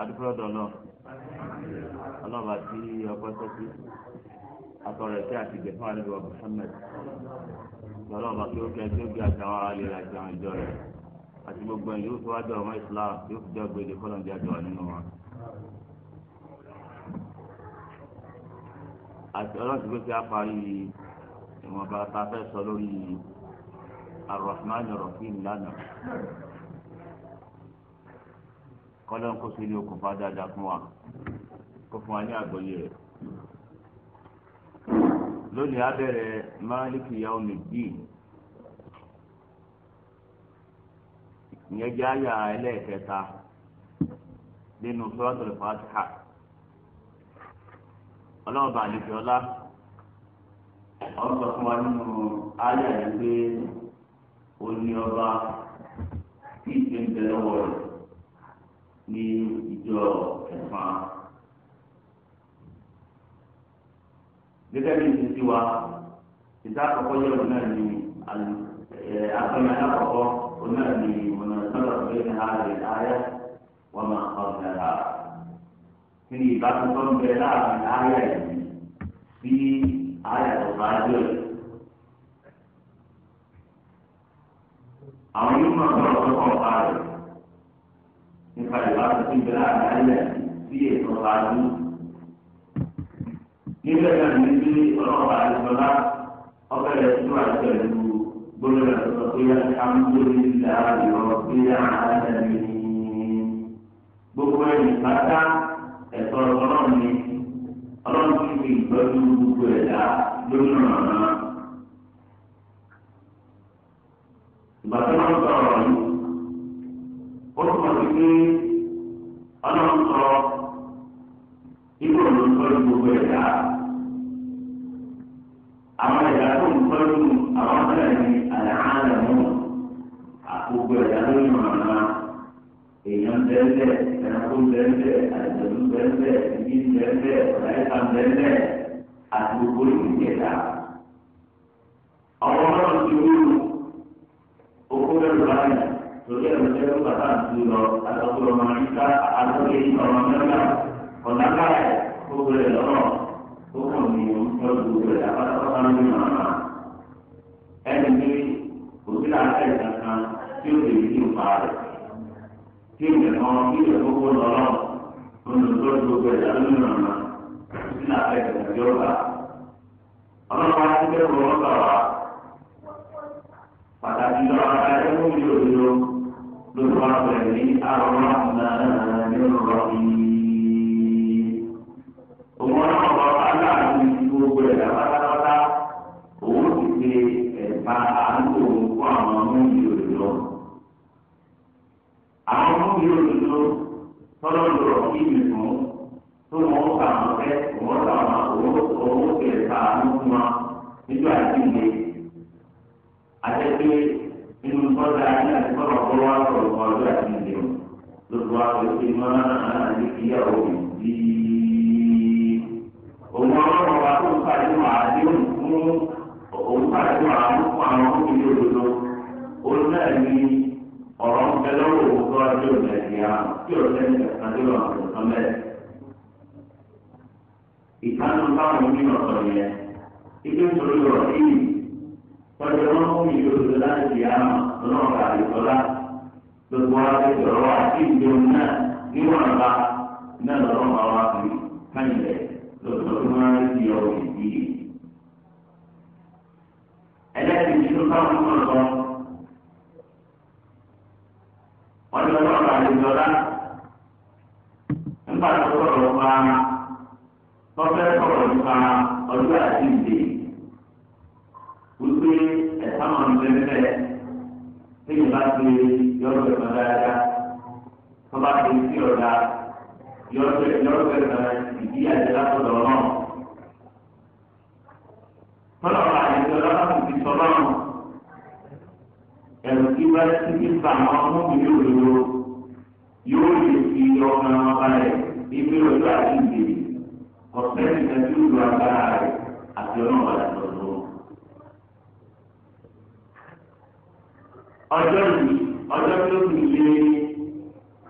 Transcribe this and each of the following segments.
adúgbò dọ̀nà ọlọ́ba tí ọkọ sọ́kú atọ̀rọ̀ ẹ̀sẹ̀ àti ìgbẹ̀fọ́ àdúgbò Muhammad ọlọ́ba tí ó kẹ́ tí ó gbé àtàwọn alẹ́ àti àwọn ìjọ rẹ̀ àti gbogbo ẹ̀ yóò fi wá dọ̀ ọmọ Islam yóò fi jẹ́ gbèdé kọ́lọ́ọ̀dì àjọwà nínú wọn. àti ọlọ́sìn pé kí a parí ìwọ̀nba tá a fẹ́ sọ lórí Ar-Rahman lánàá. kọ́lọ́n kó sílé okùnfà dáadáa fún wa kó fún wa ní àgbọ́yé rẹ̀. lónìí a bẹ̀rẹ̀ máàlìkì yawmiddin ìyẹn jẹ́ àyà ẹlẹ́ẹ̀kẹta nínú suratul Fatiha ọlọ́ọ̀bà àlejò ọlá fún wa nínú pé ní ọba tí ìṣe ń lọ́wọ́ ní ìjọ ẹ̀fọn. gẹ́gẹ́ bí ti ti wa ìta àkọ́kọ́ yẹ̀ wọ́n náà ní àtọ́nà àkọ́kọ́ wọ́n náà ní ọ̀nà sọ́dọ̀ pé ní àárẹ̀ àárẹ̀ wọ́n máa kọ́ ọ̀nà rà. kí ni ìbátan tó ń bẹ láàrin àárẹ̀ yìí sí àárẹ̀ tó bá jẹ́ ẹ̀. àwọn yóò máa sọ̀rọ̀ tó kọ̀ ọ̀pá rẹ̀. nípa ìbámu tí ń bẹ láàrin ayé sí ètò ọba yìí. níbẹ̀ náà ní bí ọlọ́ọ̀bà àdìsọ́lá ọbẹ̀ rẹ̀ tó àjọ ìlú gbọ́dọ̀ rẹ̀ sọ pé àmúgbó ní ìlà ìrọ̀ pé àádá mi ní. gbogbo ẹ̀yìn pátá ẹ̀tọ́ ọlọ́run ni ọlọ́run ti fi ìtọ́jú gbogbo ẹ̀dá lórí ọ̀nà náà. kó bẹ́ẹ̀ àjọ̀dún bẹ́ẹ̀ ìdí bẹ́ẹ̀ ọ̀láyíká bẹ́ẹ̀ àti gbogbo ìdíjẹ̀dá. ọ̀pọ̀ náà ti wúlò okó bẹ́ẹ̀ báyìí lórí ẹ̀rọ tẹ́ ló bàtà àti lọ àtọ́kùn ọmọ níta àtọ́kùn yìí ọmọ mẹ́ta ọ̀nà káyà kó bẹ̀rẹ̀ lọ́nà tó kàn ní ìtọ́jú rẹ̀ àpátápátá ní màmá. ẹni pé òbí làákà ìtàn kan tí ó lè rí kí ìyẹn kan kí ìyẹn kókó lọ lọ olùdókòwò gbogbo ẹ̀dá lónìí nàná sí làbẹ́ ìdájọ́ ọ̀gá ọlọ́pàá ti bẹ́ẹ̀ wọ ọ́gbà wa pàtàkì lọ́wọ́ ayé fún mi òdodo lórí wa pẹ̀lú ní àrùn náà ní ọ̀rọ̀ yìí. òun náà ọlọ́run rọ̀ kí mi mú tó wọn kà wọn fẹ́ wọn kà wọn owó owó kẹlẹ ká ló fún wa nígbà tí ìwé àtẹ́pẹ́ inú kọ́dà ní àtìkọ́rọ̀ kọ́ wa sọ̀rọ̀ kọ́ ọjọ́ àti ìdè o lóṣù wa pé kí n máa náà ní ìyàwó mi bí òun ọlọ́run wa tó ń pàdé wọn àdéhùn fún òun pàdé wọn àwọn fún àwọn òkèlè òdodo olùdarí ọ̀rọ̀ ń bẹ lọ́wọ́ òun àmà tí o sẹ́ni àti lọ àwọn ọ̀sán mẹ́rẹ̀. ìtànù táwọn onímọ̀ sọ yẹn ibi nítorí ọ̀rọ̀ yìí wọ́n ti wọ́n fún mi lóṣù láti di àmà ọlọ́ọ̀gá àdìsọ́lá gbogbo àdìsọ́lá àti ìdòwò náà níwọ̀n náà lọ́wọ́ máa wá sí káyìnlẹ̀ lọ́sọ̀rọ̀ máa ń di ọ̀rọ̀ ìdíyè. ẹlẹ́sìn ìdúró táwọn ọmọ wọ́n ní ọlọ́run àlejò ọ̀la nígbà tó sọ̀rọ̀ nípa tọ́fẹ́ sọ̀rọ̀ nípa ọdún àti ìdè wípé ẹ̀ka máa ń bẹ́ẹ̀ téèyàn bá ti yọ̀rọ̀ ẹ̀ka dáadáa tó bá ti sí ọ̀dà yọ̀rọ̀ ẹ̀ka ìdí àti látọ̀dọ̀ náà. Tọ́lọ̀ àlejò ọ̀la kò fi sọ lọ́rùn. ẹ̀rù tí bá ti ti fa àwọn ọmọbìnrin òdodo yóò lè fi ọmọ wọn balẹ̀ ibi ọjọ́ àti ìbèrè ọ̀sẹ̀ ìtẹ́jú ìlú agbára rẹ̀ àti ọlọ́run padà lọ́dún. ọjọ́ yìí ọjọ́ tó kù lé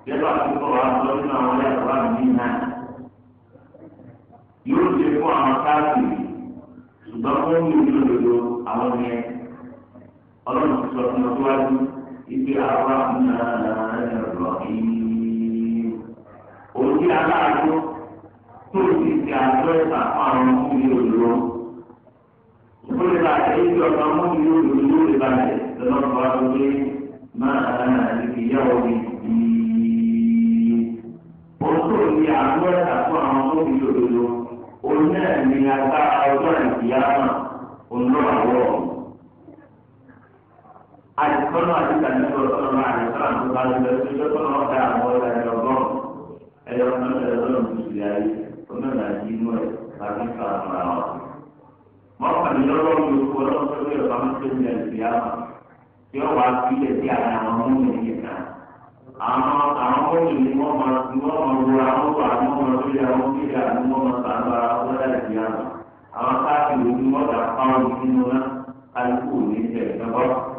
yẹ́bà púpọ̀ wá sọ nínú àwọn yàtọ̀ náà yóò fún àwọn káàkiri ṣùgbọ́n fún àwọn yẹn. ọlọ́run ti sọ fún ọjọ́ wájú ibi àwa náà lọ yìí. Òjì aláàjọ tó ti ti àjọ ìta àwọn ọmọ mi òdòdó. Ó lè bàtẹ ibi ọ̀gá ọmọ mi ló lè bàtẹ lọ́dọ̀ wa ló dé máa ibi ìyàwó mi yìí. Òjò ni àjọ ìta fún àwọn ọmọ mi òdòdó. Òun náà agbára ọjọ́ ìyá náà. Òun náà wọ̀ ọ́ àìsàn àdìgbà nígbà ọ̀sán náà àìsàn àdúgbò àdìgbà tó ṣe tó náà fẹ́ àwọn ọ̀dà ẹ̀yọ ọgọ́rùn ẹ̀yọ ọ̀sán ẹ̀yọ ọlọ́run ti ṣe ayé ọmọdé àti inú ẹ̀ láti fà fúnra wọn. mọ́kànlélọ́gọ́rùn yòókù ọlọ́run tó yẹ ọ̀pá mọ́tò ní ẹ̀sìn yàrá tí ó wàá fi ilẹ̀ sí àárín àwọn ọmọ mi yìí kan. àwọn àwọn ọmọ mi wọ́n máa wọ́n máa wo àwọn wà àwọn ọmọ tó yẹ àwọn tó àwọn ọmọ sàgbà ọlọ́dà ẹ̀sìn yàrá àwọn káàkiri ojú mọ́ta fáwọn ojú náà ní ìṣẹ̀lẹ̀ náà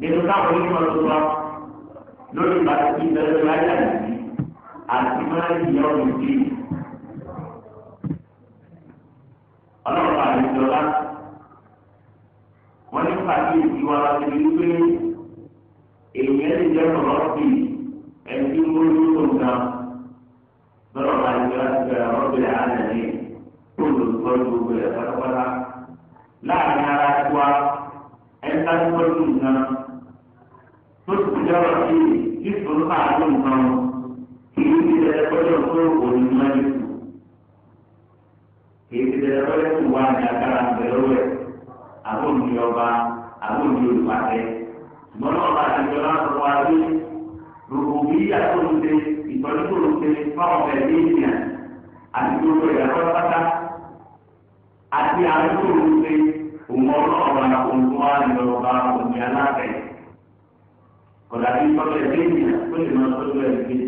nínú táwọn onímọ̀ tó wá lórí pàtàkì ìbẹ̀rẹ̀ láyà yìí àti máa ń yọ ọ́nù bí. ọlọ́run àlejò ọlá wọ́n ní pàtàkì ìwà láti rí pé èèyàn lè jẹ́ ọ̀rọ̀ bí ẹni tí ó ń lò ga lọ́rọ̀ àlejò láti bẹ̀rẹ̀ ọ̀rọ̀ bẹ̀rẹ̀ àlẹ́ tó lò lọ́dún gbogbo ẹ̀ pátápátá láàárín ara tiwa ẹ̀ka tó lò nǹkan tó ti jọrọ sí ìfún pàdé nǹkan kì í ti tẹ̀lé kọjọ tó òní mẹ́rin kù kì í ti tẹ̀lé kọjọ tó wà ní agbára pẹ̀lúwẹ̀ àbóǹdì ọba àbóǹdì olùpàdé ṣùgbọ́n náà bá ti jọra sọ wá sí rògbòbí àtòlùdé ìtọ́jú tòlùdé fáwọn ẹ̀mí ìyàn àti gbogbo ìyàtọ̀ pátá àti àwọn òun ọlọ́ọ̀rọ̀ àwọn olùwà ìlọ́ba òun alábẹ̀ẹ́ ọ̀dà tí tọ́jú ẹ̀ kó lè máa tọ́jú ẹ̀ méjì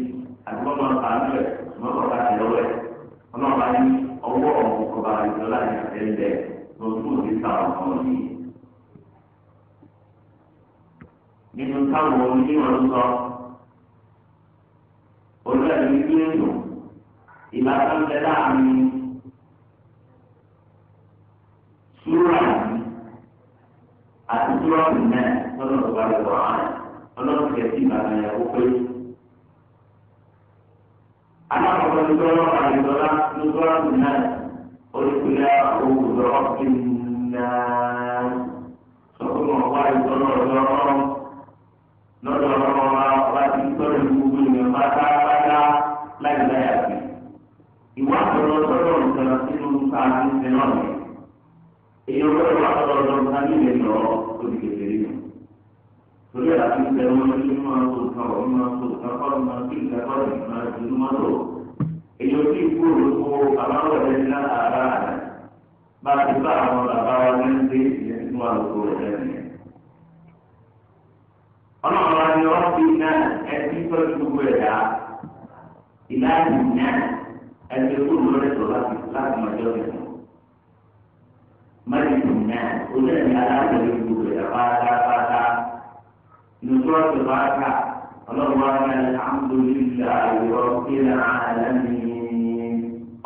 àti máa sàánú ẹ̀ mọ́tò ká ti lọ́wọ́ ẹ̀ ọlọ́ọ̀bá ní ọwọ́ ọ̀kọ̀ọ̀bá ìjọba ní àtẹ̀lẹ́ lọ́sùn òsì táwọn kan yìí. nínú táwọn onímọ̀ ń sọ olóòtú ìlú èlò ìbátan bẹ láàrin súrà àti súrà náà lọ́dọ̀ tó bá lè ọlọ́run jẹ́ sí ìbàdàn ìyàwó pé. alákọ̀ọ́kọ́ ní sọ́rọ́ àdìsọ́lá ní sọ́rọ́ náà olùkúlẹ̀ òwúrọ̀ ìnà sọ́kùnrin ọ̀pá ìsọ̀rọ̀ ọ̀dọ́ ọ̀rọ̀ lọ́dọ̀ ọ̀rọ̀ ọ̀rọ̀ ọ̀pá ti sọ̀rọ̀ ìgbógun ìyẹn pátápátá láì láyà sí. ìwà àtọ̀rọ̀ sọ̀rọ̀ nǹkan sínú sáà ní sinọ́ọ̀nì èyí ó gbọ́dọ̀ wà sọ̀rọ̀ lọ́dún sáà ní ilẹ̀ ìrọ̀ ó ti kékeré nù torí àti ìbẹ̀rù wọn ní máa tó nǹkan ọ̀ máa tó nǹkan kọ́ máa tó nǹkan kọ́ ní máa tó ní máa tó. èyí ò tí ì kú òrùkú àbáwọ̀ ẹ̀ ní ara rẹ̀ bá a ti bá àwọn bàbá wa ní ṣe ìyẹn tí wọ́n lò kó rẹ̀ nìyẹn. ọlọ́run wa ni wọ́n fi náà ẹtí tọ́jú gbogbo ẹ̀dá ìlànà náà ẹtí kú lórí ẹ̀tọ́ láti láti máa jọ ìlú. mọ́lẹ̀ náà ó نصرة الفاتحة اللهم الحمد لله رب العالمين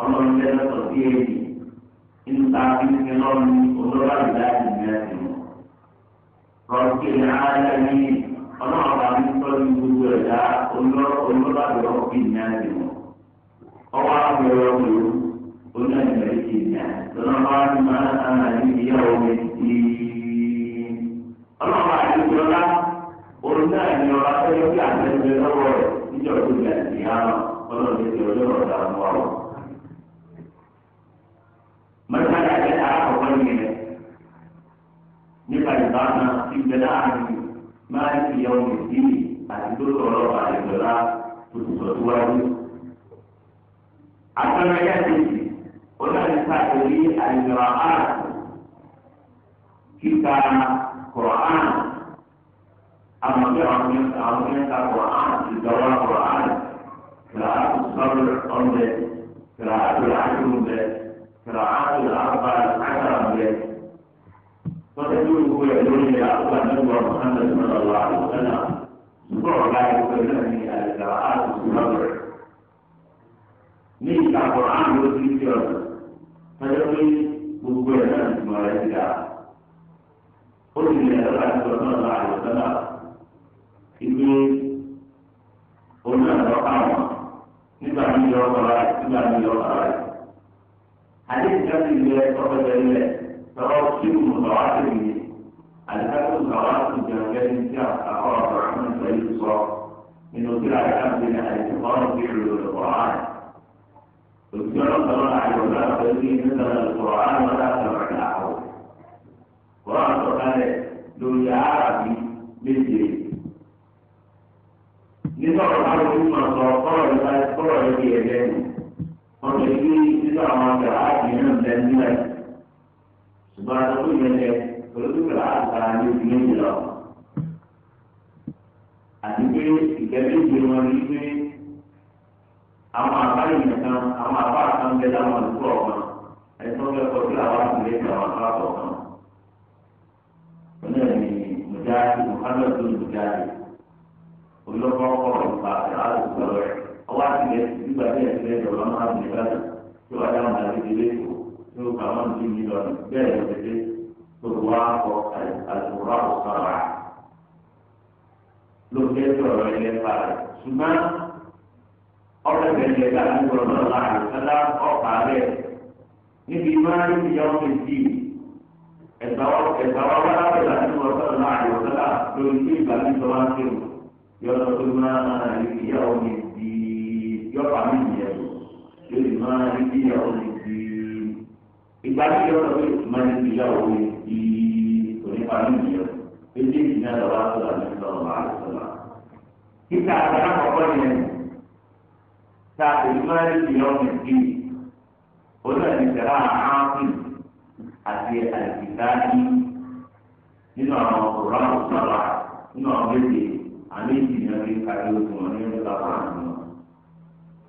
اللهم لا تصيري إن تعطيك نوم ونرى الله الناس رب العالمين اللهم تعطيك نوم ونرى رب الناس اللهم يرضي قلنا الملك الناس اللهم ما أنا يوم الدين اللهم náà ni ọba tẹ́lẹ̀ bí àtẹ̀lẹ́ lọ́wọ́ rẹ̀ níjọ́ tó gbà sí àná ọlọ́run ti ọjọ́ ọ̀dà mọ́ ọ. mọ́tàlá ẹ̀ alákọ̀ọ́kọ́ ni rẹ̀ nípa ìbámu ti bẹ láàrin máa ń fi ọmọ ìdí àti tó sọ̀rọ̀ àìgbọ̀lá tó ti sọ̀ síwájú. àtàlẹ́ yá ti sì ó náà ti sàkórí àìgbọ̀lá kíkà kọ̀ọ̀án àmọ̀tí àwọn mẹ́ta àwọn mẹ́ta kọ̀ọ̀án ìdọ́wà kọ̀ọ̀án kìláàtù sọ́ọ̀rù ọ̀bẹ kìláàtù àdúgbẹ kìláàtù àbá àkàràbẹ. Wọ́n ti wú ẹ̀ lórí àgbà nígbà Mùhàmmad sọ̀rọ̀ àlùfẹ́nà sọ̀rọ̀ láì pẹ̀lú ẹ̀mí àlùkàràtù sọ̀rọ̀. Ní ìta kọ̀ọ̀án ló ti fi ọ̀rọ̀ tọ́jú pé gbogbo ẹ̀ náà ti mọ̀ ti dà. Ó ti lè ẹ̀rọ àti sọ̀rọ̀ náà ìgbé ojú ọ̀dọ́ káwọn nígbà tí yọ ọ̀rọ̀ rẹ̀ nígbà tí yọ ọ̀rọ̀ rẹ̀. àdéhùn ká sì lé ọ̀pẹ̀lẹ̀ ilẹ̀ lọ́wọ́ sí mùsàwá sí mi àdéhùn mùsàwá sí jẹun lẹ́yìn tí àkọ́ ọ̀rọ̀ àwọn ìgbà yìí sọ nínú tí àyíká ti ní àìsàn ọ̀rọ̀ bí ìlú ọ̀rọ̀ rẹ̀. òtún ọlọ́sọ̀rọ̀ àyọ̀dá àbẹ̀lẹ̀ nínú ọ̀rọ̀ àwọn ọ̀rọ̀ àtọ̀rọ̀ lórí arábí méje nígbà wọn bá lójú máa sọ kọ́rọ̀ yìí bá kọ́rọ̀ yìí di ẹ̀jẹ̀ nù wọn lè fi nígbà wọn gbà á di náà bẹ́ẹ̀ nílẹ̀ ṣùgbọ́n àtọ́kùn yẹn lẹ olùdókòlá àgbà ní ojú méjì lọ. àti pé ìkẹ́lẹ́ ìgbé wọn ní pé àwọn àbáyé nìkan àwọn àbá kan bẹ láwọn àdúgbò ọ̀kan ẹ̀sán bẹ kọjú àwọn àgbèrè àwọn àbá kọ̀ọ̀kan. wọn náà ní mùjáde olùkọ́kọ́ ìgbà àlùkọ́rọ̀ ẹ̀ ọwọ́ àtìlẹ́ nígbà tí ẹ̀sìn ẹ̀jọ̀ bá máa bìí báyìí tí wàá dáhùn láti di lẹ́kọ̀ọ́ tí ó kà wọ́n ti yí lọ bẹ́ẹ̀ ló ti dé gbogbo akọ àlùkọ́rọ̀ àkọ́kọ́ rà ló fẹ́ sọ̀rọ̀ ilẹ̀ parí ṣùgbọ́n ọ̀rẹ́ bẹ̀rẹ̀ láti gbọ̀dọ̀ láàrin sálá ọ̀pá rẹ̀ níbi máa ń yọ ọ́fíìsì ẹ̀gbà wa wá láti láti gbọ̀dọ̀ láàrin sálá lórí ìgbà tí sọ wá ń kéwòn yọ̀ọ́ tó máa rí ìyàwó mi di yọ̀ọ́ mi nìyẹn yóò sì máa rí ìyàwó mi di ìgbà tí yọ̀ọ́ tó máa rí ìyàwó mi di onípa mi nìyẹn ètò ìdílé lọ́wọ́ àtọ́lá ní sọ̀rọ̀ àtọ́lá. kíkà àgbàrá kọ̀ọ̀kan yẹn ta èyí máa rí ìyàwó mi di olùdíjẹ́ àáfíì àti àìsíkáàdì nínú àwọn òkúra òkúra nínú àwọn méjèèjì àmì ìdìyàn ní kárí ogun ọ̀nà ẹ̀rọ bàbá àná.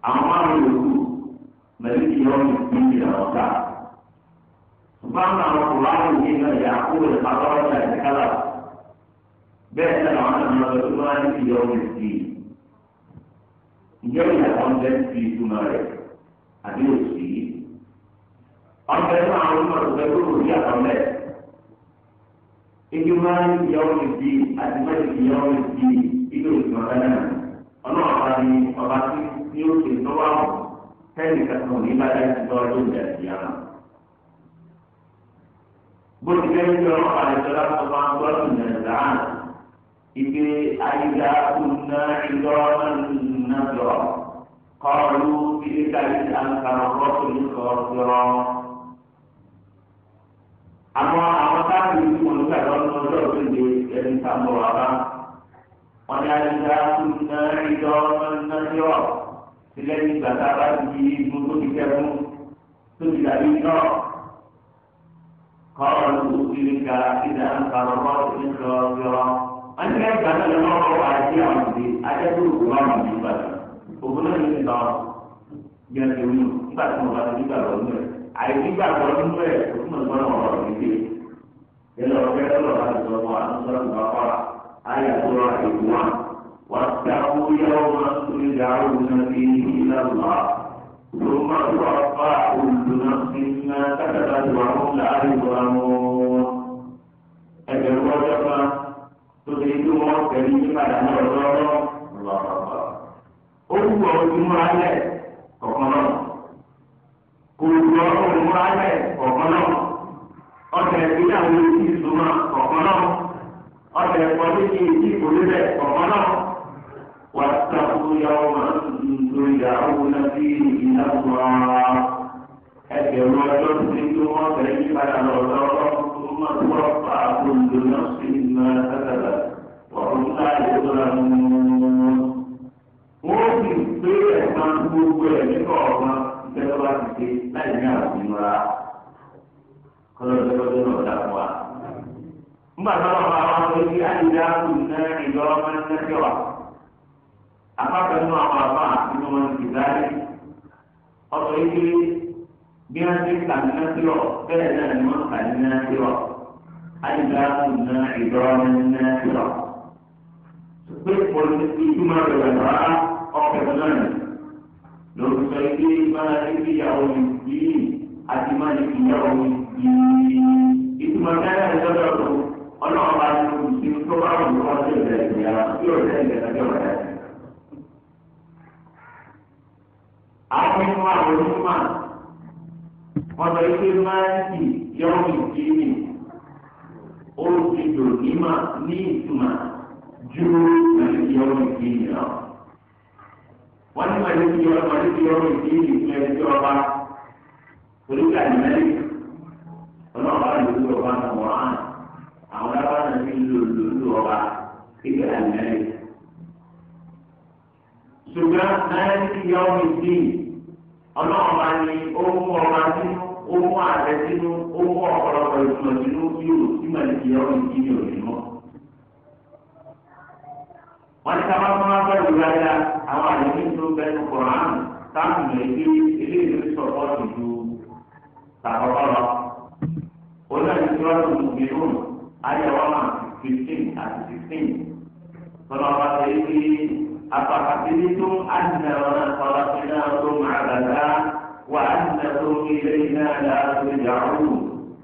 àwọn márùn yòókù mẹ́lìkì ọ̀hún ti di àwọn ká. ṣùgbọ́n àwọn kùráàmù yìí náà yà á kúrò ìpàdé ọ̀rọ̀ ìkálà. bẹ́ẹ̀ ni àwọn àmì ọ̀rọ̀ tó máa ń fi ọ̀hún sí i. ǹjẹ́ ìyàtọ̀ ń bẹ́ ti ìtumọ̀ rẹ̀ àbí òsì yìí? ọ̀bẹ náà àwọn ọmọ rẹ̀ tó lò ní àtọ̀lẹ̀. Igi máa ń yọ ọ́ ìdí àti mẹ́rin yọ ìlú òkè ọ̀gá náà ọlọ́run bá ní ọba tí ní ó ṣe tọ́wọ́ àwọn tẹ́lẹ̀ kankan ò ní láti ti tọ́ ọdún ìjà ìyá wọn. bó ti fẹ́ ní ọlọ́run bá lè tọ́lá tó máa ń gbọ́ ìjà ìjà hàn ibi ayíga kúnná ìjọ náà jọ kọ́ọ̀lù ilé káyé àǹkàrà rọ́ọ̀tù ní kọ́ọ̀tù àwọn àwọn táàbù ìlú olùkàdọ́ ọdún ọjọ́ òṣèlú ẹni tá a mọ̀ wá bá wọn ní àyíká kúnná ìjọ ọmọdéjọ sílẹ̀yìn ìgbà tá a bá ti di igun tó ti kẹ́kún tó ti dàbí náà kọ́ọ̀lù òkìlì ká ìdá nǹkan ọ̀rọ̀ ìjọ ọ̀rọ̀ wọn ní ẹgbàá náà lọ́wọ́ wà á jẹ́ àwọn ìdí ajẹ́kọ̀ọ́ òkú máa mọ̀ nígbà òkú náà ní ìgbà wọn bí wọn ti آية واحد واتقوا يوما ترجعون فيه إلى الله ثم توفى كل نفس ما كسبت وهم لا يظلمون أجل وجبة تدركون كريم على الله الله أكبر أول جمعة ẹ̀kọ́ ní kí èyí kò lé bẹ́ẹ̀ ọ̀pọ̀ náà wà á sàkóso yàwó máa ń tuntun ìyàwó náà sí ìyàwó ẹgbẹ̀rún ọjọ́ sí tó wọ́n fẹ́ yí padà lọ́dọ́ tó máa tó wọ́n fa àkóńdó náà sí iná sátàlá ọ̀run láàyè tó ra mú. wọ́n sì gbé ẹ̀sán gbogbo ẹ̀ nípa ọ̀gbọ́n ìfẹ́ tó bá ti dé láì ní àwọn ìnura kọ́lọ́dọ́dọ́dọ́ náà dá mọ́ nígbà tó lọ bá wọn lórí bí àdúrà kù náà ìlọ ọmọ ẹgbẹ́ wa apákan nínú àwọn àbá nínú wọn ti dárí ọ̀tọ̀ yìí bí wọn ti kà ní nàkírọ bẹ́ẹ̀ náà ni wọn kà ní nàkírọ àdúrà kù náà ìlọ ọmọ ẹgbẹ́ nàkírọ pé pọlítì ọlọ́run bá ti kú sí tó bá wù ú ọdún ìbẹ̀rẹ̀ ìgbéyàwó yóò jẹ́ ìbẹ̀rẹ̀ ọjọ́ rẹ̀. àwọn inú àwọn onímọ̀ wọn lọ ike máàkì yọ̀ọ̀mì kìíní ó ti dò nímọ̀ ní ìtumọ̀ ju màlìkì yọ̀ọ̀mì kìíní lọ. wọ́n ní màlìkì yọ̀ọ̀mì kìíní fún ẹjọ́ ọba oríkà ìmẹ́lì ọlọ́run bá lè lò ọba nàmọ́ràn àwọn lábá náà ti ń lò lòlù ọba kíkẹ́ àlùmẹ́rì. ṣùgbọ́n náà ti yọ ọ́ mi sí ọlọ́run bá ní ó mú ọba sínú ó mú ààrẹ sínú ó mú ọ̀pọ̀lọpọ̀ ìtumọ̀ sínú yóò símọ̀ ní ti yọ ọ́ mi sí ní òní mọ́. wọ́n ti sábà fún wa bẹ́ẹ̀ wúlò ayá àwọn àyẹ̀wò tó bẹ́ẹ̀ kọ̀ọ̀rọ̀ àrùn táwọn èèyàn eléyìí sọ̀rọ̀ ọ̀sùn ju tàbọ̀bọ̀ lọ. ó náà ti sọ́ọ́ ayẹwo náà fifteen àti sixteen tọ́lá wa ṣe é pé apàkàtìlì tó àdìsẹ́ ọ̀nà kọ́lá tó náà tó máa dàgbà wà àdìsẹ́ tó ń náà tó yàrá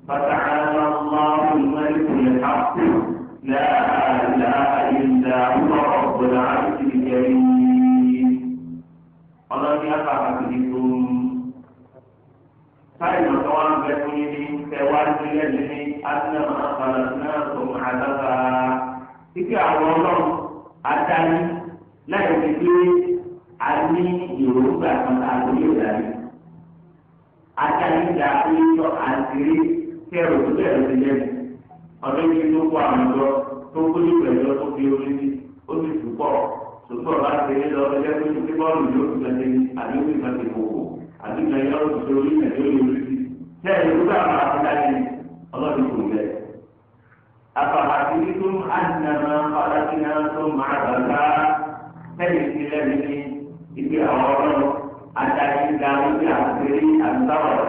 فتعالى الله الملك الحق لا إله إلا هو رب العرش الكريم. الله يقع táyìmọ̀ tó wá ń bẹ fún yín ní tẹ̀wájú lẹ́yìn ní adúláwọ̀ àfàlà náà tó ń àdáfà. Títí àwọn ọlọ́run adáni láì fi pé a ní ìrònúgbà kan àgbóyè ìdarí. Adáni dà pé yọ àṣírí kẹrò tó bẹ̀rẹ̀ sí lẹ́nu. Ọdún yìí tó kó àwọn ọjọ́ tó kó ní pẹ̀lú tó fi orí sí ó sì túbọ̀. Ṣùgbọ́n bá ṣe é lọ ẹgbẹ́ tó ti bọ́ọ̀lù yóò fi gbàgbé àbí ó fi gbàgbé kòkó àti ìgbàyà ọ̀rọ̀ tuntun orí ìrìnàjò lè wọlé sí bẹ́ẹ̀ ni ó bá àwọn àfúnáyé ọlọ́run kò bẹ́ẹ̀. àfàhàtì nítorí àdínàmá fàdákìnà tó máa gbàgbá lẹ́yìn sí lẹ́yìn ní ibi àwọn ọlọ́run àtàkì ìgbà wípé àkùrẹ́ àtúntàwọ̀dà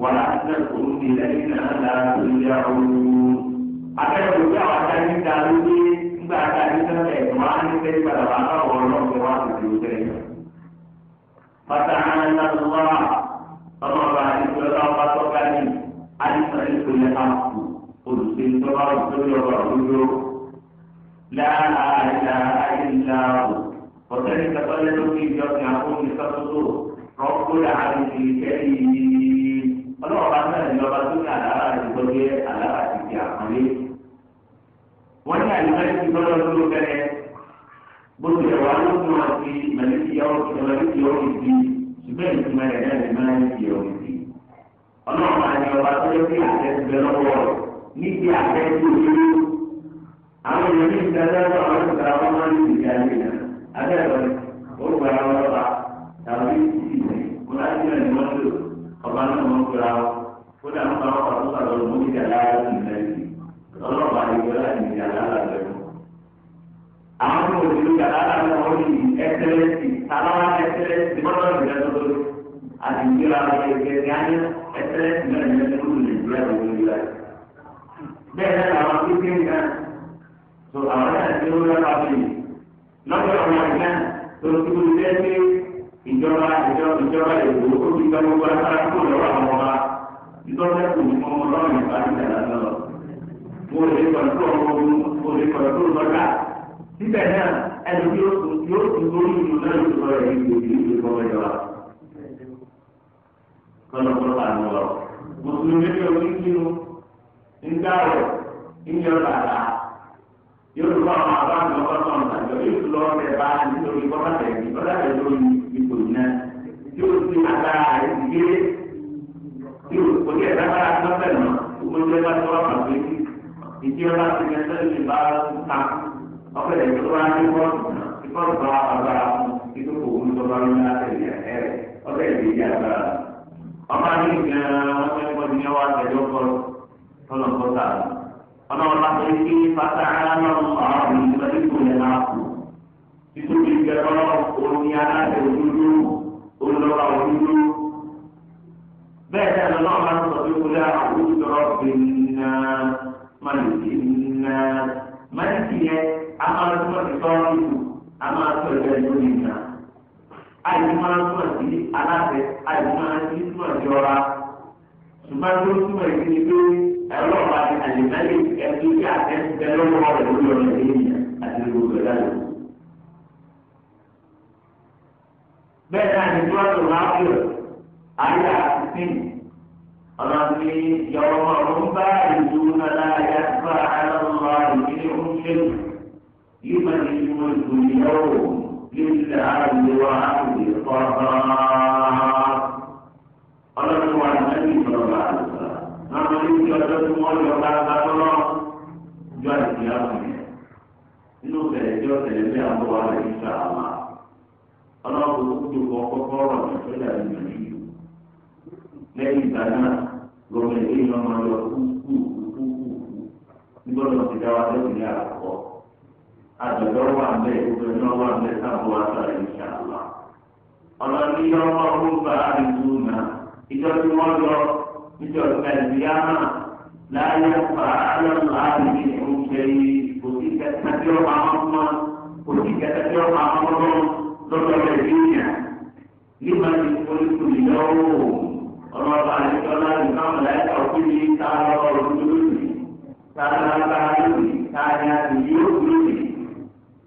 wà láti kò ń di lẹ́yìn náà láti ìyá ooru. akẹ́kọ̀ọ́ ìgbà wà àtàkì ìgbà wípé nígbà àtàkì ìgbà ẹ̀ فتعالى الله فضرب عليك الله فتوكلني أليس لكل حق قل إن الرسول والرجل لا إله إلا هو وذلك قلت في جمع قوم فقصوا رب العالم الكريم ọlọ́wọ́ bá sẹ́yìn ní ọba tó ní àlàáfà ti gbọ́dọ̀ àlàáfà ti di àpọ́nlé. wọ́n ní àyùbá ti gbọ́dọ̀ tó bẹ̀rẹ̀ bóyá ìyàwó alóògùn àti mẹlẹ́kìyàwó ìyàwó ìdí ṣùgbọ́n ìtumọ̀ rẹ̀ náà lè máa ń yẹ òun ìdí. ọlọ́run àti ọba tó yẹ kí àtẹ ti bẹ lọ́wọ́ rẹ̀ níbi àtẹ tó yẹ àwọn èèyàn ní ìdájọ́ ọ̀rọ̀ àwọn ìgbà wọn máa ń ní ìdí ayé náà abẹ́rẹ́ ó gba àwọn ọba tàbí ìdílé kó láti rẹ̀ ní wọ́n lò ọba náà wọ́n gbéra wọn kó àwọn tó ti lóya lára ní wọn ní ẹsẹlẹsì tàbára ẹsẹlẹsì mọ́tò ìgbẹ́ tuntun àti ìgbéra ẹgbẹ́ ní ayé ẹsẹlẹsì náà ní ẹsẹ olùdíje ìgbéra ìwé ìgbéra. bẹ́ẹ̀ náà làwọn kékeré náà tó àwọn náà ti lóya pàṣẹ lọ́pọ̀ ọ̀rọ̀ àgbà tó ti lóya lẹ́sẹ̀ ìjọba ìjọba èkó ó ti gba gbogbo agbára kó lọ́wọ́ àwọn ọba ọmọ ọlọ́run ìbáraẹ̀dá lọ síbẹ̀ náà ẹni tí yóò tún lórí ìlú náà yóò tún lọ́rọ̀ yìí lórí ìlú kọ́mọ ìjọba. kọ́lọ́kọ́lọ́ àná lọ. mùsùlùmí ní orí nínú ń dáwọ̀ ìyẹn bàtà yóò tún àwọn àbáǹdì ọgọ́tọ̀ ọ̀nàjọ yóò tún lọ́wọ́ bẹ̀ bá nítorí bọ́lá tẹ̀ ní bọ́lá tẹ̀ lórí ipò iná yóò tún agbára rẹ̀ ti gé yóò kò ní ẹ̀dá bá lọ́sẹ̀ náà gbogbo ìjọba tó wà pàtó ìjọba ti gẹ́sẹ́ ìbára tó ta. apa yang keluar di pos di pos apa itu pun keluar Oke, ya eh apa yang dia apa ini apa yang mau nyawa jadi pos kalau kota kalau orang ini pasangan Allah itu yang aku itu juga kalau dunia dari dulu orang dulu beda dengan orang sebelumnya aku terus bina manusia manusia a máa túmọ̀ sí sọ́ọ́rọ́ ìlú a máa tó ẹgbẹ́ lórí ìgbà àìsí máa túmọ̀ sí aláṣẹ àìsí máa sí túmọ̀ sí ọ̀ra ṣùgbọ́n tó túmọ̀ sí ni pé ẹ̀rọ ọ̀la ti àyèmẹ́lẹ̀ ẹ̀sùn tí àtẹ̀sẹ̀ lọ́wọ́ rẹ̀ lórí ọ̀rẹ́ ènìyàn àti gbogbo ẹ̀dá yòókù. bẹ́ẹ̀ náà ni tíwájú ráfíò ayé àtìsín ọlọ́ni yọ̀wọ̀ ọ̀run bá ìlú nàlá yàtọ̀ àlọ́ لمن الملك اليوم لله وعبد طهار قالوا عن النبي صلى الله عليه وسلم نعم يمكن أن تكون وقال الله جاءت يا أمي إنه سيجوز لبيع الله إن شاء الله ọlọ́run tó kọ́ kọ́kọ́ rọ̀ ní ìfẹ́lẹ̀ àdúgbò yìí lẹ́yìn ìgbà náà gọ́ọ̀mẹ̀ntì ìlànà ọlọ́run kú kú kú kú kú nígbọ́dọ̀ ti dá wa lẹ́kùnrin àgbà àjọ̀dọ̀ wà ń bẹ̀ ìgbẹ́jọ́ wà ń bẹ̀ sábò àtàrí ìṣàlá. ọ̀nà ní ọmọ ọdún bá a lè mú un náà ìjọ tí wọ́n lọ níjọ nàìjíríà láyé pa ayọ̀lá àti oúnjẹ òsì kẹta tí ó máa ń mọ òsì kẹta tí ó máa ń mọ lọ́dọ̀ nàìjíríà nígbà tí olùkùnrin lọ́wọ́ ọlọ́ba àdìsọ́lá ìgbàmọ̀ láyé ní sáà ọ̀rọ̀ lórí sáà lára lórí sáà ní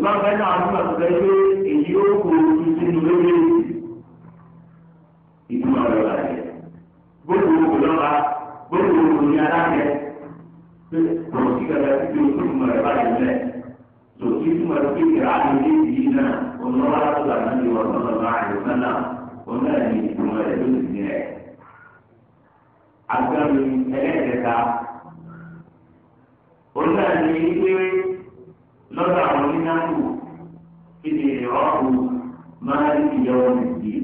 ṣùgbọ́n bẹ́ẹ̀ náà ní àtúntẹ̀ pé èyí ó kó ojú sínú lórí ìdúrà rẹ̀ láyé. Gbogbo òkú lọ́ba, gbogbo òkú ní aláṣẹ. Kò sí kẹ̀kẹ́ tí o tún mọ̀ báyìí lẹ̀. Tò sí túmọ̀ ẹ̀ pé kìlá ní ilé yìí náà, òun wá tó là náà ní ọ̀sán lọ́ba àìsàn náà, òun náà ní ìdúrà rẹ̀ ló ti ní ẹ̀. Agbẹ́rin ẹlẹ́ẹ̀kẹta, lọ́dọ̀ àwọn onínáwó kí ni ìrọ́pù máa ń yọ nìyí.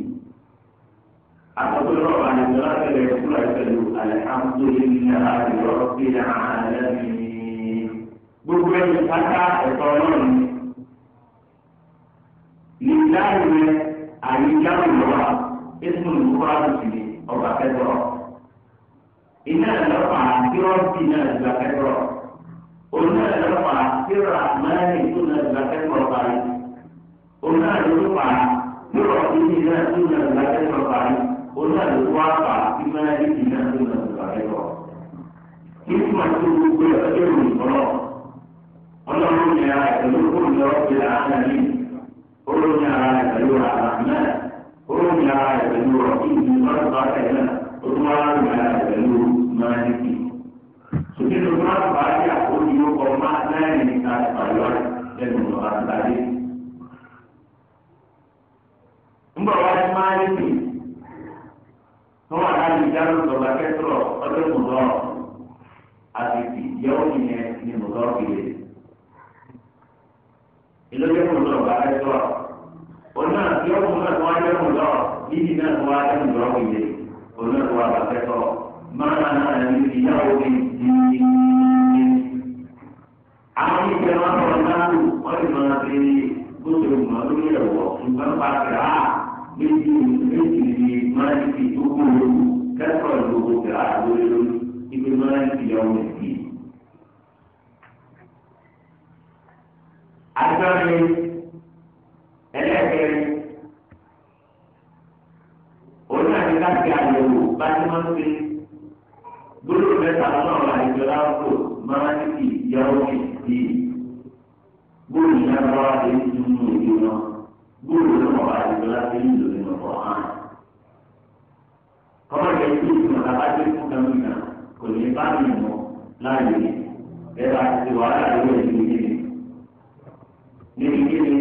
Àtọ́gbẹ́rọ̀ àlejòlá tẹ̀lé ìfúra pẹ̀lú alihamudulilayi rọ́bìlà àlẹ́mí. Gbogbo ẹni pátá ẹ̀tọ́ ọlọ́run ní láàyè àyíkáwò lọ́wọ́ ètò ìfúra sì ọgbà kẹtọ̀. Iná ìlọ́pàá tí wọ́n fi náà ìgbà kẹtọ̀ onáà ló fà á síra mẹ́rin tó nà ìgbà kẹ́kọ̀ọ́ parí onáà ló fà á síra ìdí náà tó nà ìgbà kẹ́kọ̀ọ́ parí onáà ló wá fà á sí mẹ́rin ìdí náà tó nà ìgbà kẹ́kọ̀ọ́. kí ni màá tó gbogbo ẹ̀ ọ́ yóò rìn kọ́ ọlọ́run ní ara ẹ̀ ló kó ní ọ́ pé àánà yìí olórí ara ẹ̀ pẹ̀lú ara náà olórí ara ẹ̀ pẹ̀lú ọ̀kí ìdúnnà ẹ̀ náà olúwa ara ẹ̀ pẹ̀lú mẹ́rin ìdí. sòkè ló máa fà á yà ìlú ọmọ aláìní ká pàlọ lẹ́nu ọ̀rọ̀ àgbáyé. ńgbà wá sí máa ń rìn wọn wà láti ìdáná ìjọba kẹsàn-án ọdún mọ̀lọ́ àti ìyẹ́wò yẹn ni mọ̀lọ́ kiri. ìlọ́jọ́ mọ̀lọ́ ọ̀gá kẹsàn-án òun náà yọ ọmọ náà wọ́n á jẹ́ mọ̀lọ́ níbi náà wọ́n á jẹ́ mọ̀lọ́ kiri òun náà wọ́n á máa ń rìn ìyàwó mi ní ìlú àwọn ìgbẹ́ wọn sọ̀rọ̀ náà wọ́n ti máa ṣe bó ṣe wù wọ́n lórí ẹ̀wọ̀ ṣùgbọ́n pàṣẹ á méjì méjì ni máa ń fi tó kó lóru kẹ́kọ̀ọ́ ìgbòho tẹ̀ á lórí lórí ibi máa ń fi ọmọ ìdí. agbára ẹlẹ́gbẹ̀rẹ́ òun náà ní káfí bá ti máa ń ṣe gbólóhùn mẹ́ta lọ́wọ́ àìjọ láwùjọ máa ń fi ìyàwó mi bóyá ìyá bá wà lé ní ìlú èdè wọn bóyá ìlú ọba àdìgbò láti ní ìlú ìlú ọba hàn. kọ́mọ̀ yẹn tí ìgbìmọ̀ làbájẹ́ fún kàmínà kò ní bá mi mọ̀ láàyè ẹ̀ bá ti wàhálà lórí ẹ̀ ní ìdílé. níbi kíni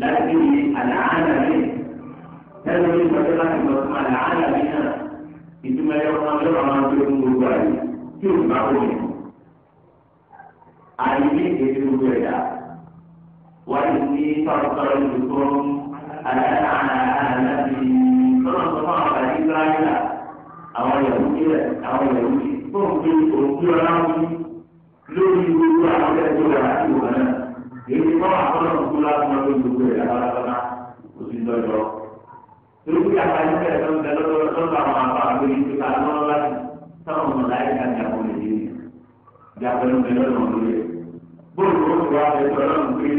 láti àlàáhánà rẹ̀ lẹ́nu ní ìgbàjọ́ láti lọ fún àlàáhánà rẹ̀ náà ìtumọ̀ ẹ̀rọ máa ń gbé fún gbogbo àyè tí ò àìní ètò ìlú ẹ̀dá wà ní pàápàá olùkọ́ àdáná àdáni lọ́nà tó fún àwọn àwọn yahoo rẹ̀ àwọn yahoo rẹ̀ tó ń fi òkú ọlọ́run lórí gbogbo àwọn ẹgbẹ́ rẹ̀ àti ìwọ̀n náà èyí tí wọ́n máa tọ́lọ̀ lórí gbogbo ẹ̀dá pátápátá kò sí lórí àbáyé ìsirayẹ́lá tó àwọn àbá àgbẹ̀yìn bóòlù ó ti wá ẹgbẹ́ ọlọ́run pé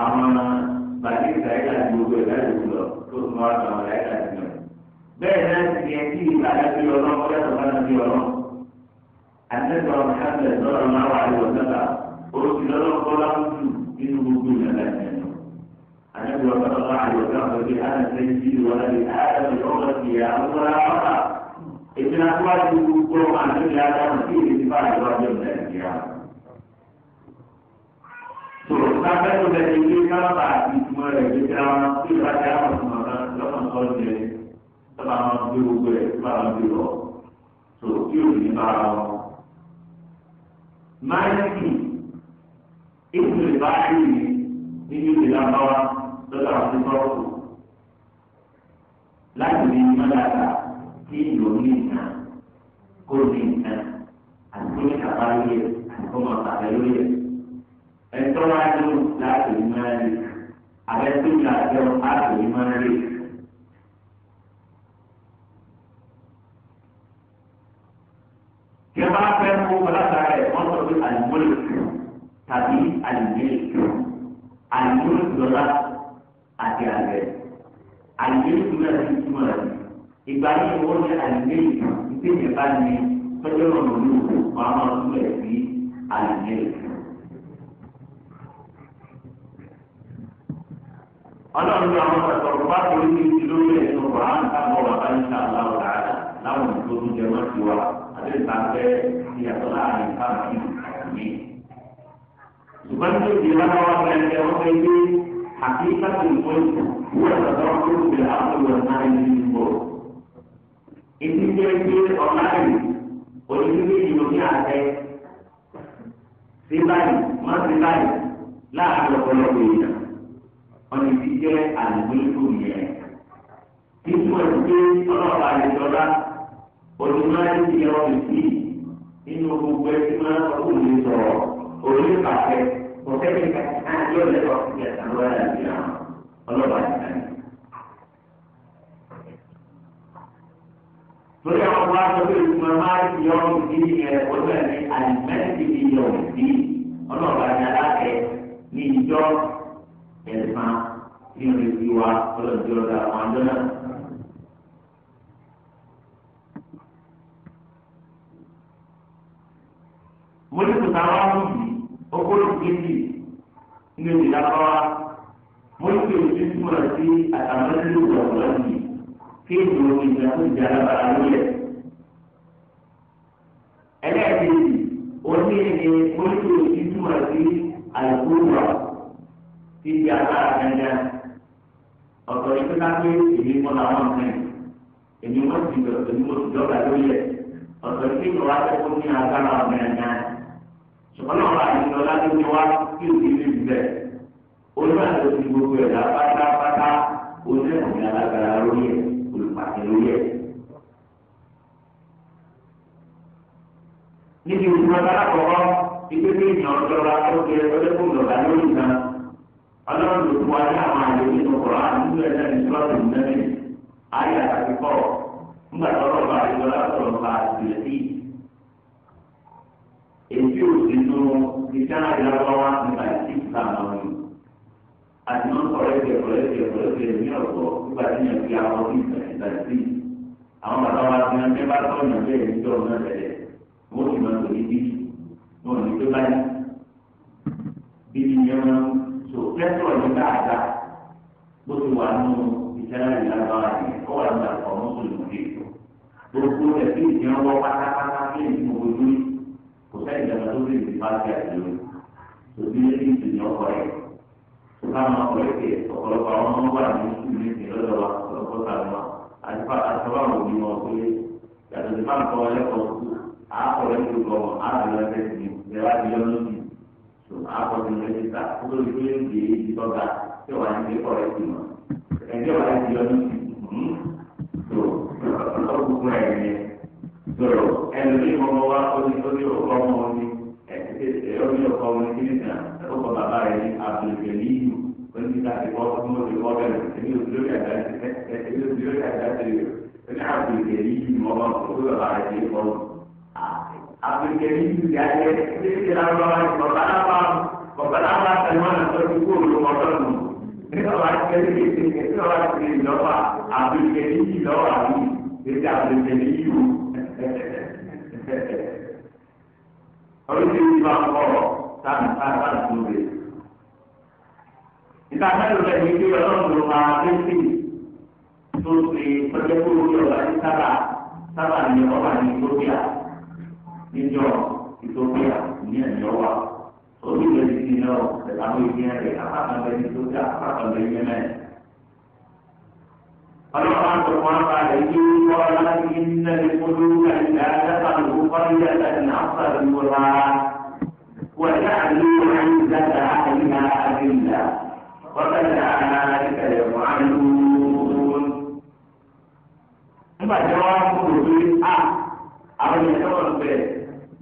àwọn bàbá ìsàlẹ̀ àti gbogbo ẹ̀dá ìlú lọ tó tún wá sọ àwọn ẹ̀dá ìlú lọ. bẹ́ẹ̀ náà ti yẹ kí ìbàdàn bí ọlọ́run ó yàtọ̀ bá bí ọlọ́run. àtẹ́sọ̀ ọ̀hánlẹ̀ lọ́rọ̀ máa wà ní ọ̀sẹ̀ta ó ti lọ́lọ́run kọ́ láwùjù nínú gbogbo ìyàtọ̀ ìyàtọ̀. àtẹ́sọ̀ ọ̀hánlẹ̀ lọ́rọ̀ máa wà ní tó lábẹ́ tó lẹ́ ilé kálábà àti ìtumọ̀ rẹ̀ lé kí àwọn tó ìlà kí àwọn tó máa lọ́kàn tó ń jẹ lọ́ba àwọn tó gbogbo rẹ̀ tó bá wọn gbé lọ tó kí ò ní bá wọn. máìlì ìlú ìbáyìí nínú ìlànà wa lọ́dọ̀ àwọn tó tọ́ kù láti ní mọ́lára tí ìlú ìtàn kó ní ìtàn àti kó ní kàbá àti kó máa ẹ̀tọ́ wa ní láti rí máa rí àbẹ̀tí làjọ láti rí máa rí. kí ẹ bá fẹ́ mú ọlọ́dà rẹ̀ wọ́n sọ pé àlùmọ́lẹ̀ tàbí àlùmọ́lẹ̀ àlùmọ́lẹ̀ lọ́la àti àgbẹ̀ àlùmọ́lẹ̀ tó lọ́la ti túmọ̀ rẹ̀ ìgbà yìí wọ́n ní àlùmọ́lẹ̀ ìpínlẹ̀ bá ní tọ́jú ọ̀nà olóògùn wọn a máa ẹ̀ sí àlùmọ́lẹ̀. ọlọ́run ní àwọn ọ̀sọ̀rọ̀ bá torí ní ti lórí ẹ̀sùn wà á ń sábọ̀ wà á ń sá aláwọ̀ dáadáa láwọn ìlú tó jẹ wọ́n ti wà àti ìta fẹ́ ìyàtọ̀ láàrin fáàmì àti ṣùgbọ́n tí ó di lábáwá fẹ́ ẹgbẹ́ wọn fẹ́ gbé àti ìtàkì ìfọ́nìkù wọ́n ẹ̀sọ̀tọ̀ tó ń bẹ àbúrò náà ní ìbò. ìdí jẹ́ pé ọ̀la yìí onídìrí ìlú ní àtẹ sí báyìí má sí báyìí láàrin ọ̀pọ̀lọpọ̀ èèyàn ọ̀nà ìdí jẹ́ àlùmọ́lẹ́kọ̀ yẹn. Nínú ẹ̀sìn ọlọ́ọ̀bà àdìsọ́lá, olùmọ̀lẹ́ ti yẹ ọ̀rọ̀ sí nínú gbogbo ẹtí máa ń kọ́ òun sọ̀rọ̀ òun pàṣẹ òfẹ́ni kàkà yóò lẹ́kọ̀ọ́ sí ẹ̀sán lọ́wọ́ àdìsọ́lá ọlọ́ọ̀bà àdìsọ́lá. lórí àwọn ọmọ aṣọ pé ìgbìmọ̀ máa ń fi ọrùn sí ẹ olóyè ní àlùmọ́lẹ́ ti fi yọ̀ sí ọlọ́ọ̀bà àdìsọ́lá ní ìjọ ẹ̀sán tí ń retí wa ọlọ́dún ọ̀dà àwọn àjọ náà. mo ní kùtà wá wù yìí okòrò kéjì ní oṣù lápáwá mo ní kí oṣù tí mo rà sí àtàwọn ẹni ló wà wọ́n yìí kéjì omi ìgbà tó di alábàárà lóyè. ẹlẹ́ẹ̀kejì oní ẹni mo ní kí oṣù tí mo sí àìkúrò wà tí ibi àgbára gẹ́gẹ́ ọ̀tọ̀ yìí pínlá pé èmi mọ́ làwọn nǹkan èmi mọ́ ti jọ èmi mọ́ ti jọba lórí ẹ̀ ọ̀tọ̀ yìí pínlá wá fẹ́ fún ní agbára ọ̀gbẹ̀rẹ̀ ṣùgbọ́n náà wà ní ọlá tó ní wá kí o ti lè bẹ̀ olúwa tó ti gbogbo ẹ̀ dá pátápátá onímọ̀ alágbára lórí ẹ̀ olùpàdé lórí ẹ̀. níbi òṣùwọ̀n alákọ̀ọ́kọ́ ìgbésẹ̀ ìyàn ọ̀dọ́ra ó jẹ ọlọ́run ló fún wa ní àwọn àyè nínú kọ̀ọ̀rọ̀ àdúgbò ẹ̀dá ní sọ́ọ̀tù nẹ́ẹ̀mí ayé àti kọ́ ńgbà tọ́lọ́ bá yọ látọ̀rọ̀ bá tilẹ̀ sí. èyí ò sí nù ìṣẹ́ àyàwó wa nígbà tí ìta náà ni. àti wọn kọ̀rọ̀ ẹ̀jẹ̀ kọ̀rọ̀ ẹ̀jẹ̀ kọ̀rọ̀ ẹ̀jẹ̀ ní ọ̀pọ̀ nígbà tí yẹn fi àwọn bí ìgbà sí. àwọn bàbá wa ti ń bá tọ́yìn bẹ́ẹ̀ níjọ́ náà tẹ̀lẹ̀ wọ́n ti máa tòlí bí wọ́n ní pé báyìí bí ni yẹn máa ń lẹ́tọ̀ yìí dáadáa bó ti wà nù ìjẹ́rẹ́ ìlágbára yìí ó wà nígbà kan mùsùlùmí ètò gbogbo rẹ̀ bí ìjẹun wọ pátápátá ní ìlú ojú kò sẹ́yìn ìjọba tó lè fi pàṣẹ àjò òbí lè ní ìtìlẹ̀ ọkọ̀ rẹ̀ tó bá wọn ọkọ̀ ọ̀pọ̀lọpọ̀ àwọn ọmọ wà ní ìlú lọ́dọ̀ wa ọ̀pọ̀lọpọ̀ sàlùmọ̀ àtìpá àtọ́wà òbí àkọ́bí rẹ́jísà kótó ní pé ń gbé ibi tọ́ga tí wàá ní pé kọ̀rẹ́ sí wọn. ẹ̀jẹ̀ wàá di ọdún sí tó ọgbùgbùn ẹ̀ ní sọ̀rọ̀ ẹnu ní ọmọ wa ó ní ó ní ọkọ ọmọ wọn ní ẹ̀ ó ní ọkọ ọmọ ní kírísìà ó kọ bàbá rẹ̀ ní àbùrùkẹ̀ ní ìlú ó ní ká ti kọ́ fún mọ́tò kọ́ bẹ̀rẹ̀ èmi ò dúró yàgbá èmi ò dúró yàgbá ti rẹ̀ ó ní àbùrùkẹ̀ ní ìlú àgbègbè yìí ti àyè ní ti la lọ bàbá náà bá bàbá náà bá tẹnu wọn lọ sí kó olú wọn lọnà nígbà wà ti tẹ̀lé kéde nígbà wà ti tẹ̀lé lọ́wọ́ àgbègbè yìí lọ́wọ́ àbí ètò àgbègbè yìí wò oríṣiríṣi máa ń sábà sábà ní ọba ní ìgbókè níjọ ìtòkíà ní ẹ̀yọ́ wa orí ìwé ti ní ọ àwọn ìdíyẹn rẹ̀ apákanbẹ ní ìtòkíà apákanbẹ ní ẹ̀mẹ́. ọlọ́run máa ń sọ fún apá rẹ̀ yí wọ́n láti iná lè fojú kàìdá dábàá ló kọ́ ní ẹ̀ka ní àpá rẹ̀ wọ́n wá. wọ́n yá àlùkò àyè dáadáa àyè náà àyè ńlá wọ́n tẹ̀lé àná ìkàlẹ̀ fún àlùkò. nígbà tí wọ́n á kúrò pé a àwọn ìyẹn tó wọ́n bẹ̀rẹ̀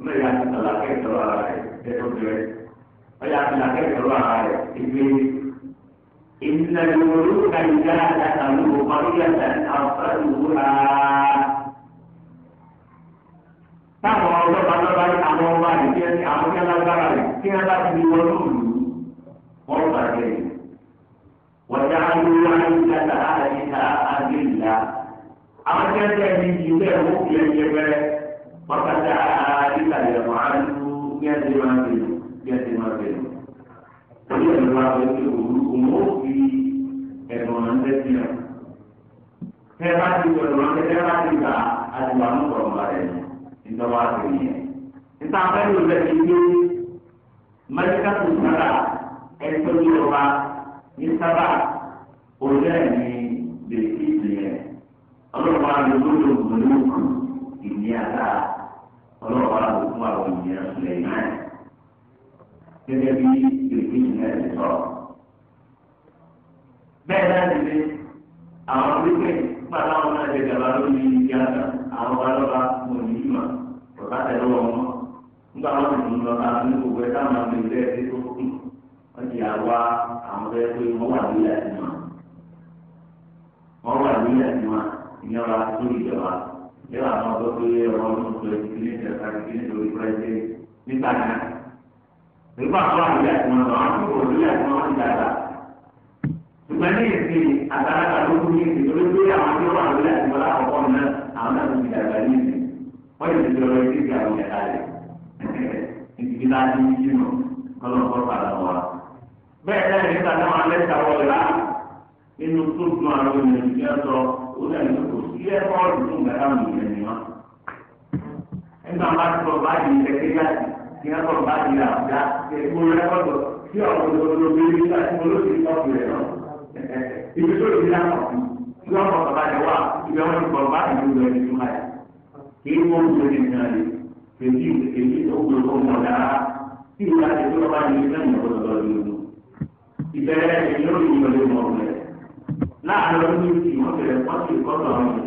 ọmọ ìyá ti tọ̀lá kẹ́kọ̀ọ́ ara rẹ̀ tẹ́tọ́ bẹ̀rẹ̀ ọyà ti là kẹ́kọ̀ọ́ ara rẹ̀ ìgbé ìnàlùwòrò kàyíká àtàlùwò pàríyàtà àfàlùwòrà. táwọn ọlọ́ba lọ́ba àwọn ọba ìjẹ́ àwọn kẹ́lágbára rẹ̀ kí wọ́n bá ti di wọn lóòlù wọ́n bàjẹ́ wọ́n dá lóra ìjàdá àyíká àgbélá àwọn kẹ́kẹ́ ní ìlú ẹ̀wọ̀n kìlẹ̀ yẹpẹrẹ wákàtí àdìgbà ìrọ̀mọ́ àdúgbò bí a ti máa bẹ̀rù bí a ti máa bẹ̀rù. Orí ẹ̀rọ wa wọ pé òru òun ó fi ẹ̀rọ ránṣẹ́ sí ọ. Tẹ́ bá ti ẹ̀rọ ránṣẹ́ tẹ́ bá ti gbà àdìgbà ń sọ̀rọ̀ ọ̀gá rẹ̀ ní ìjọba àgbẹ̀ yẹn. Níta fẹ́ẹ́ lò lẹ́sí pé mẹ́ríkà tó sára ẹgbẹ́ tó lọ́ba ní sábà òun náà ní lè fi ìlú yẹn. Ọlọ́run wa lè lóyún òun lóògùn ìní àtàrà ọlọ́run wà láwọn fún àwọn ènìyàn sílẹ̀ yìí gẹ́gẹ́ bí ìrètí ìyẹn ti sọ̀rọ̀. bẹ́ẹ̀ náà ti ṣe àwọn orílẹ̀ nígbà táwọn náà ṣe gàba lórí ìdí àgbà àwọn ọlọ́ba wọn ní ìmọ̀ ọ̀tá tẹ̀lé wọn mọ́ nígbà wọn sì ń lọ sáà ní gbogbo ẹ̀ táwọn àgbẹ̀ ilé ẹ̀ tó kún wọ́n ti àwa àwọn ọ̀rẹ́ pé wọ́n wà nílẹ̀ àti wọn wọ́n wà nílẹ̀ àti wọn ìyẹn lórí ìjọba yóò àwọn ọ̀dọ́ tó yẹ ọmọ ọdún tó kí ní ìjọba kí ní ìjọba ìgbà ìgbà nípa náà. nípa àwọn àgbẹ̀ àti wọn àwọn tó kò lóyè àti wọn ṣùgbọ́n ní èsì àgbàlagbà ló kú ní èsì tó gbé àwọn tó wà lóyè àti wọn lákọ̀ọ́kọ́ náà àwọn náà ti dàgbà ní èsì. wọ́n yóò ti lọ sí ìgbà àwọn ìyàrá rẹ̀. ìdìbí láti ní jìnnà kọ́lọ́kọ́ ìdí ẹ̀kọ́ ọ̀dùnkù gbàdá mi ìyẹn ni wọn. ẹgbẹ́ àwọn bá sọ̀rọ̀ báyìí ìṣẹ̀kẹ́ yáàdì kí wọ́n sọ̀rọ̀ di àbúrá ẹ̀kọ́ rẹ́kọ̀dọ̀ tí ọ̀pọ̀ olóògbé nígbà tí olóògbé tọ́kù rẹ̀ lọ. ibi tó lè dá kọ̀ tí wọ́n kọ̀ bàbá rẹ̀ wà ibẹ̀ wọ́n ti sọ̀rọ̀ báyìí ló lọ ẹni tó máa yẹ. kí wọ́n ń gbé nìkan rẹ̀ kèjì kèjì tó gbé kó mọ̀ dára tí ìwà ti tó lọ́ba ní ilé ìlú ìmọ̀lẹ́ ní ìwọ̀n bẹ̀rẹ̀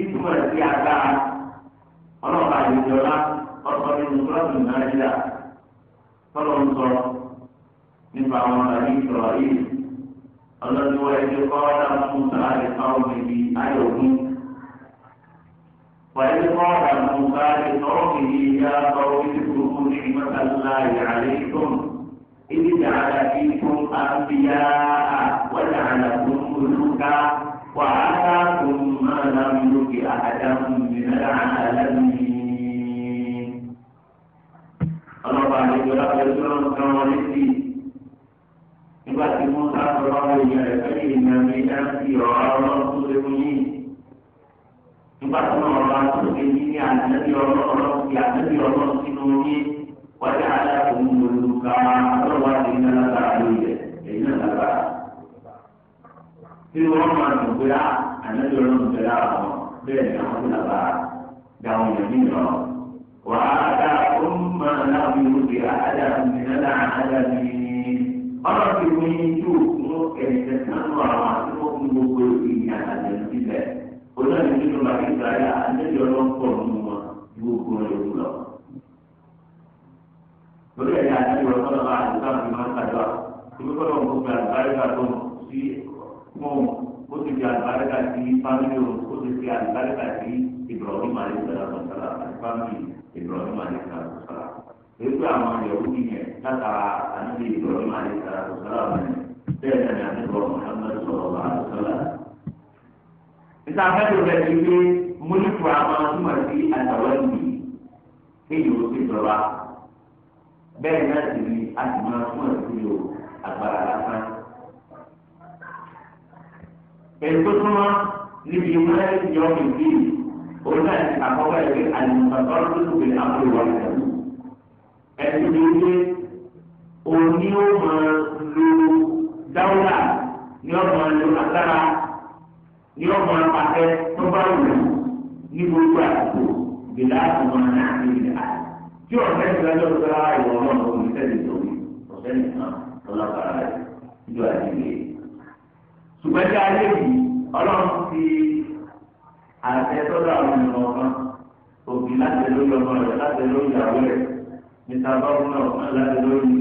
ìtumọ̀ sí agbára ọlọ́ọ̀bá ìjọba ọ̀sọ̀ nínú sọ́ọ̀tù nàìjíríà tọ́lọ̀ ń sọ nípa àwọn àbí ìsọ̀rọ̀ yìí ọlọ́dúnwó ẹjọ́ kọ́ọ́dà mùsà àdìsáwò bìbí ayọ̀gún wàyí kọ́ọ́dà mùsà àdìsáwò bìbí yá ọ̀rọ̀ ìdìbò fún ìmọ̀tà láàyè àlẹ́kùn ìdíjà àdàkì fún àbíyá wàjà àdàkùn نملك أحدا من العالمين ọlọ́pàá àlejò lápẹ̀lú ọ̀rọ̀ kan wọn létí nígbà tí wọ́n bá sọ̀rọ̀ àwọn èèyàn rẹ̀ pé èèyàn mi dá sí ọ̀rọ̀ ọlọ́run tó lé fún yìí nígbà tí wọ́n bá tó lé ní ní àtẹ́bí ọlọ́run ti àtẹ́bí ọlọ́run sínú yín wájú aláàfin olùkà ọlọ́wà ti ní alágbára lóye èyí náà lágbára. tí wọ́n máa dùn pé á àtìlẹ́yìn ọlọ́run tẹ̀lé àwọn bẹ́ẹ̀ ni àwọn ti nàbà dáhùn yẹn ní ìrọ̀. wà á dá ó ń mọ aláwọ̀ ìlú bí àádá ìnáná àádá ni ọlọ́run ti wọ́n yín tó mú ẹ̀jẹ̀ sánú àwọn àti wọ́n mú gbogbo ìyìn àtàlẹ́ sílẹ̀ olórí nínú bàbá ìgbàlá àtìlẹ́yìn ọlọ́run pọ̀ nínú wọn gbogbo ìlú lọ. lórí ẹ̀yà àti ìrọ̀lọ́lọ́ ó ti fi àlùbáríkà sí fámìlì o ó ti fi àlùbáríkà sí Ibrahim alẹ́sàlámù sàlá àti fámìlì Ibrahim alẹ́sàlámù sàlá. èyí àwọn ìyàwó ti yẹn látara àti Ibrahim alẹ́sàlámù sàlá mẹ́rin bẹ́ẹ̀ náà ni àdúgbò Muhammad sọ̀rọ̀ àlùsọ́lá. níta fẹ́ẹ́ rẹ̀ ti gbé múlùkù àwọn túmọ̀ sí àtàwọn ìlú kéyìí ó ẹ̀ńtọ́tọ́mọ́ níbi ìmọ̀lẹ́ yọ ìdí òun àti àkọ́kọ́ ẹ̀fẹ́ àlùmọ̀tọ́rọ́ tó tóbi àpòlù wà lẹ́nu. ẹ̀sìn mi wípé òní ó máa lo dáwúrà ní ọmọ lo agbára ní ọmọ pàṣẹ tó bá wù ní gbogbo àkókò gbèlà àtùmọ̀ náà ní ìlà. tí ọ̀sẹ̀ ti lọ́jọ́ tó rárá ìwọ̀n náà kò ní sẹ́yìn ọ̀sẹ̀ nìkan lọ́lá ṣùgbọ́n tí ayé yìí ọlọ́run ti àṣẹ sọ́dọ̀ àwọn ènìyàn kan òbí láti lórí ọmọ rẹ̀ láti lórí ìyàwó rẹ̀ níta báwọn náà láti lórí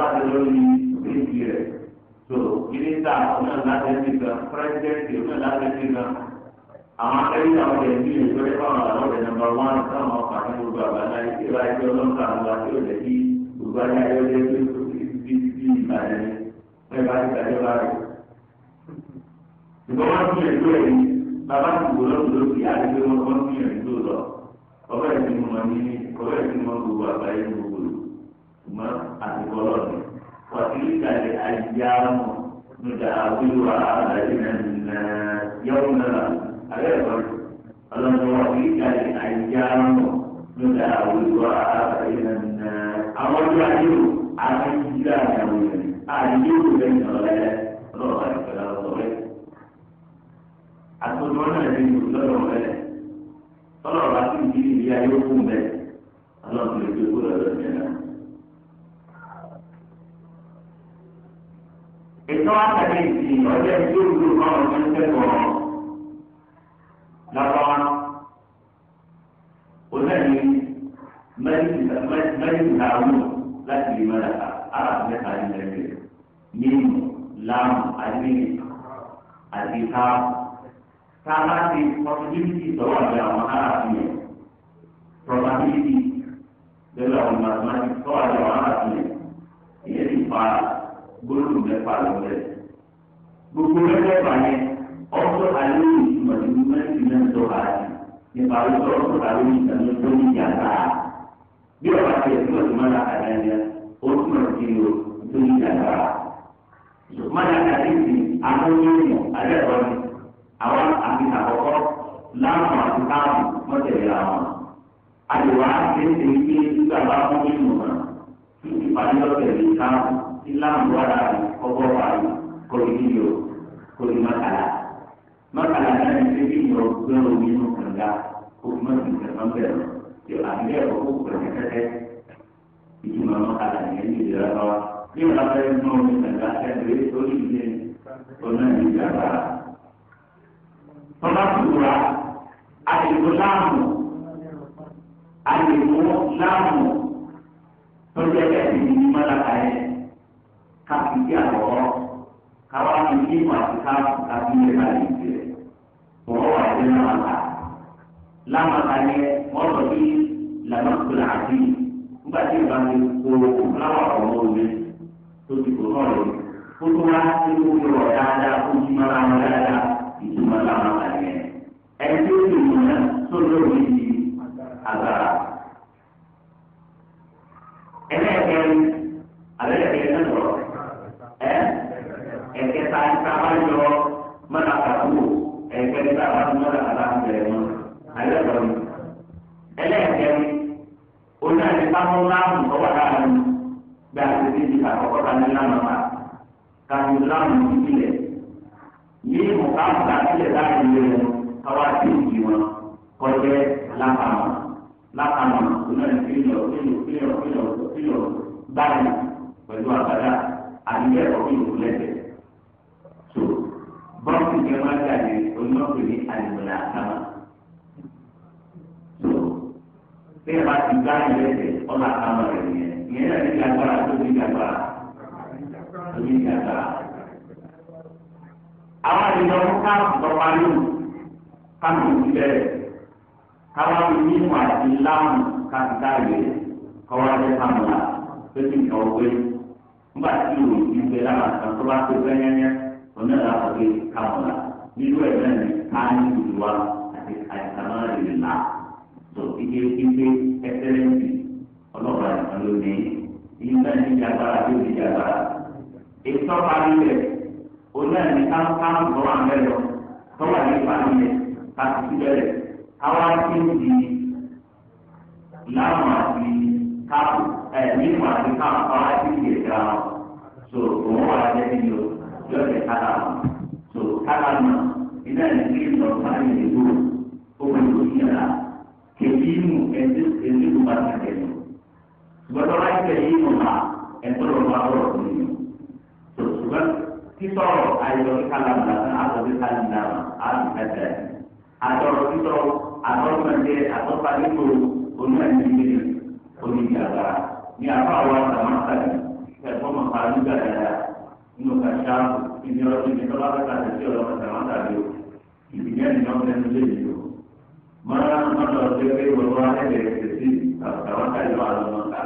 láti lórí ìbéjì rẹ̀ tó mínísítà náà láti ti gan pírẹsidẹ́ǹtì náà láti ti gan àwọn akẹ́yìn àwọn ọ̀rẹ́ ní ìlú ẹ̀fọ́ àwọn àwọn ọ̀rẹ́ nàmbà wán táwọn ọkọ̀ àti gbogbo àgbàlá ìṣe wa ẹgbẹ́ ọlọ́mọkà àwọn àti òjẹ́ kí gbogbo ayé ayé ọjọ́ ìgbà wọn tún yẹn tó yẹn bàbá ti wò lọ́dún ló fi àdéhùn wọn wọn tún yẹn tó lọ ọbẹ̀ yẹn ti mú wọn ní ọbẹ̀ yẹn ti mú wọn gbogbo àgbáyé gbogbo mọ àtìkọ́ lọ́dún wàtí kàlẹ́ àyàmù nígbà àwíwá àlàyé náà yẹ́wò náà àlẹ́ ẹ̀kọ́ ọlọ́dún wàtí kàlẹ́ àyàmù nígbà àwíwá àlàyé náà àwọn ọdún àyẹ̀wò àti ìdílé àyàwó yẹn àyẹ̀wò lẹ́yìn ọ̀rẹ́ lọ́wọ́ àyẹ̀wò. àtòjọ náà ní ìlú lọ́dọ̀ mẹ́lẹ̀ tọ́lọ̀ bá sì ń bí ìlú ayé kú mẹ́ ọlọ́run lè gbé kó lọ́dọ̀ naa ètò àtàlẹ́ ìsìn ọjọ́ tí ó wúlò báwọn tó ń kẹ́kọ̀ọ́ lọ́wọ́ ni mẹ́rin làwọn láti lè máa dàgbà aráàlú mẹ́ta ní ẹgbẹ́ mímu láàmù àdínì àdínkáàmù. Karena di possibility bahwa ada maharaji, probability dalam matematik kalau ada maharaji, ini dipal, belum dipal buku mereka banyak. Ojo alun berhubungan dengan doa. Yang paling kalau alun dengan penjata. Dia pasti itu bagaimana adanya. Untuk merjiu penjata. Mana ada ini? Aku ini ada orang àwọn àti àkọ́kọ́ láwọn àti káàmù wọ́n tẹ̀lé àwọn. àdìwá ṣe ń tẹ̀lé pé nígbà bá fún mímu náà fún ìpàdé ọ̀tẹ̀ lè káàmù tí láàmù wàrà ọgbọ́ wà ní kòlìkìlì o kòlì mọ́kàlá. mọ́kàlá náà ń ṣe bí ìyọ̀ gbé omi inú kànga kó má sì kẹfọ́n bẹ̀rẹ̀ tí àbílẹ̀ ọkọ̀ pẹ̀lẹ́ kẹ́kẹ́ ìtumọ̀ mọ́kàlá yẹn ní ìlera lọ́wọ́. bí wọ́n bá fẹ́ bàbá kúra àlèkò láàmù àlèkò láàmù lórí ẹgbẹ́ ìdílé ní mọ́láka yẹn káfíńtì àwọ̀ káwá ní ìmọ̀ àti káfíńtì káfíńtì báyìí jẹ́ wọ́n wà ní lámàkà lámàkà yẹn wọ́n lọ àti nígbà tí ìbá kó omi tó ti kó náà lọ. dáadáa dáadáa. ìtumọ̀ làwọn àgbà yẹn ẹni tí ó lè mọ̀ náà tó lórí ti àgbàrá. ẹlẹ́ẹ̀kẹrin alẹ́lẹ́kẹrin náà lọ ẹ ẹ̀kẹta ìtàbá yọ mọ́nà àkàkùn ẹ̀kẹrin tàbá mọ́nà àkàkùn bẹ̀rẹ̀ mọ́ alẹ́kẹrin ẹlẹ́ẹ̀kẹrin onáyẹ káwọn láàmù tó wà láàmù bí a ti ti di àkọ́kọ́ ta ní láàmù wa káwọn láàmù ti tilẹ̀ ní mọ̀káǹtà sílẹ̀ láti ilé wọn káwá sí ìdí wọn kọjá lápamọ́ lápamọ́ ìlú ìpínlẹ̀ ìpínlẹ̀ ìpínlẹ̀ ìpínlẹ̀ báyìí pẹ̀lú àbádá àdìyẹ ọ̀gbìn ìpínlẹ̀ so bọ́ọ̀sì jẹ́ máa jáde onímọ̀pẹ̀ ní àdìmọ̀lá àkàmà so bí ẹ bá ti gbá ìrẹsẹ̀ ọ̀là àkàmà rẹ̀ nìyẹn ìyẹn náà ní ìjàgbára tó ní ìjàgbára tó ní ìjàgbára àwọn àdìjọ fún káàpù tọ́pa lónìí káàpù ìbílẹ̀ káwọn onímọ̀ àti láàmù káàkiri kọ́wá jẹ́ pàmòlà tó ti kàn wé nígbà tí o ti gbé lára kan tó bá tó fẹ́yẹ́yẹ́ oní ọ̀la kò gbé pàmòlà nínú ẹ̀ náà ní káàní ìlú wa àti àìsàn náà lè là tó ike ike ẹsẹ̀lẹ́sì ọlọ́ọ̀bà ìkan ló ní ìjàgbára tó ní ìjàgbára ètò ọ̀pá nílẹ̀ náà ní káwọn káwọn tó wà mẹ́lẹ̀ lọ tó wà ní ìpàdé yẹn àti síbẹ̀rẹ̀ káwọn ti ń di láwọn àti káàpù ẹ̀ nínú àti káàpù káwọn ti ń di ẹ̀dá wọn so òun wà lẹ́yìn ní o yóò lè kára wọn so kára náà iná ní kí n lọ sáré ìdìbò ó wọ ìlú yàrá kèmí nù ẹni ẹni tó bá ti tẹ̀lé gbọdọ̀ láti tẹ̀lé ìmọ̀ náà ẹ̀ tó lọ bá ọ̀rọ̀ tó nìyẹn títọ̀rọ̀ àyọ̀ kíkàlàmùlà àtọ̀ kíkàlàmùlà àtìmẹ́tẹ̀ àtọ̀rọ̀ títọ̀rọ̀ àtọ̀rọ̀mọ̀tẹ̀ àtọ̀padìkò onímọ̀tìmẹ́tẹ̀ onígbàgbà ní àbá wa sàmásàlì ẹ̀fọ́ mọ̀ká nígbà dáadáa nínú kàṣá ìní ọdún ní tọ́lá bẹ́ẹ̀ kàṣẹ sí ọ̀dọ́ sàmásàlì o ìbílẹ̀ ní ọ̀gbẹ́ ní lè yìí o mọ́ra mọ́tò ọ̀gbẹ́ pé wọ́n wá ẹ̀ẹ́dẹ̀ẹ́dẹ̀ sí sàmásàlì wà lọ́mọ́ta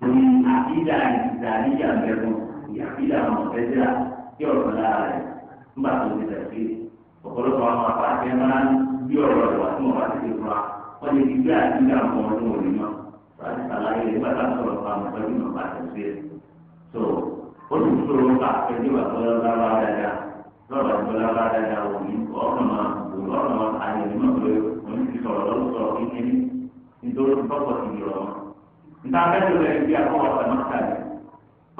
lórí àkídà ìdàríyà mẹ́fún ìyàkídà mọ̀tẹ́jà tí ọ̀rọ̀ lára rẹ̀ nígbà tó ti tẹ̀sí ọ̀pọ̀lọpọ̀ àwọn apáṣẹ máa ń bí ọ̀rọ̀ rẹ̀ wá tí wọ́n bá ti ti fura wọ́n lè fi gbé àkídà mọ́ ọdún òní mọ́ láti ṣàlàyé nígbà tá a sọ̀rọ̀ fún àwọn ìtọ́jú náà so ó sì ṣòro ká ẹjọ́ àgbọ̀lọ́lá dáadáa lọ́rọ̀ àgbọ̀lọ́lá dáadáa òní ọ̀nà ọ̀nà àyẹ̀wò náà lóyún òní ti sọ̀rọ̀ lọ́sọ̀rọ̀ kíkiri nítorí tọ́pọ̀ ti yọ̀ nta bẹ́ẹ̀ lọ ẹbí àkọ́wọ́ àtàmọ́tà rẹ̀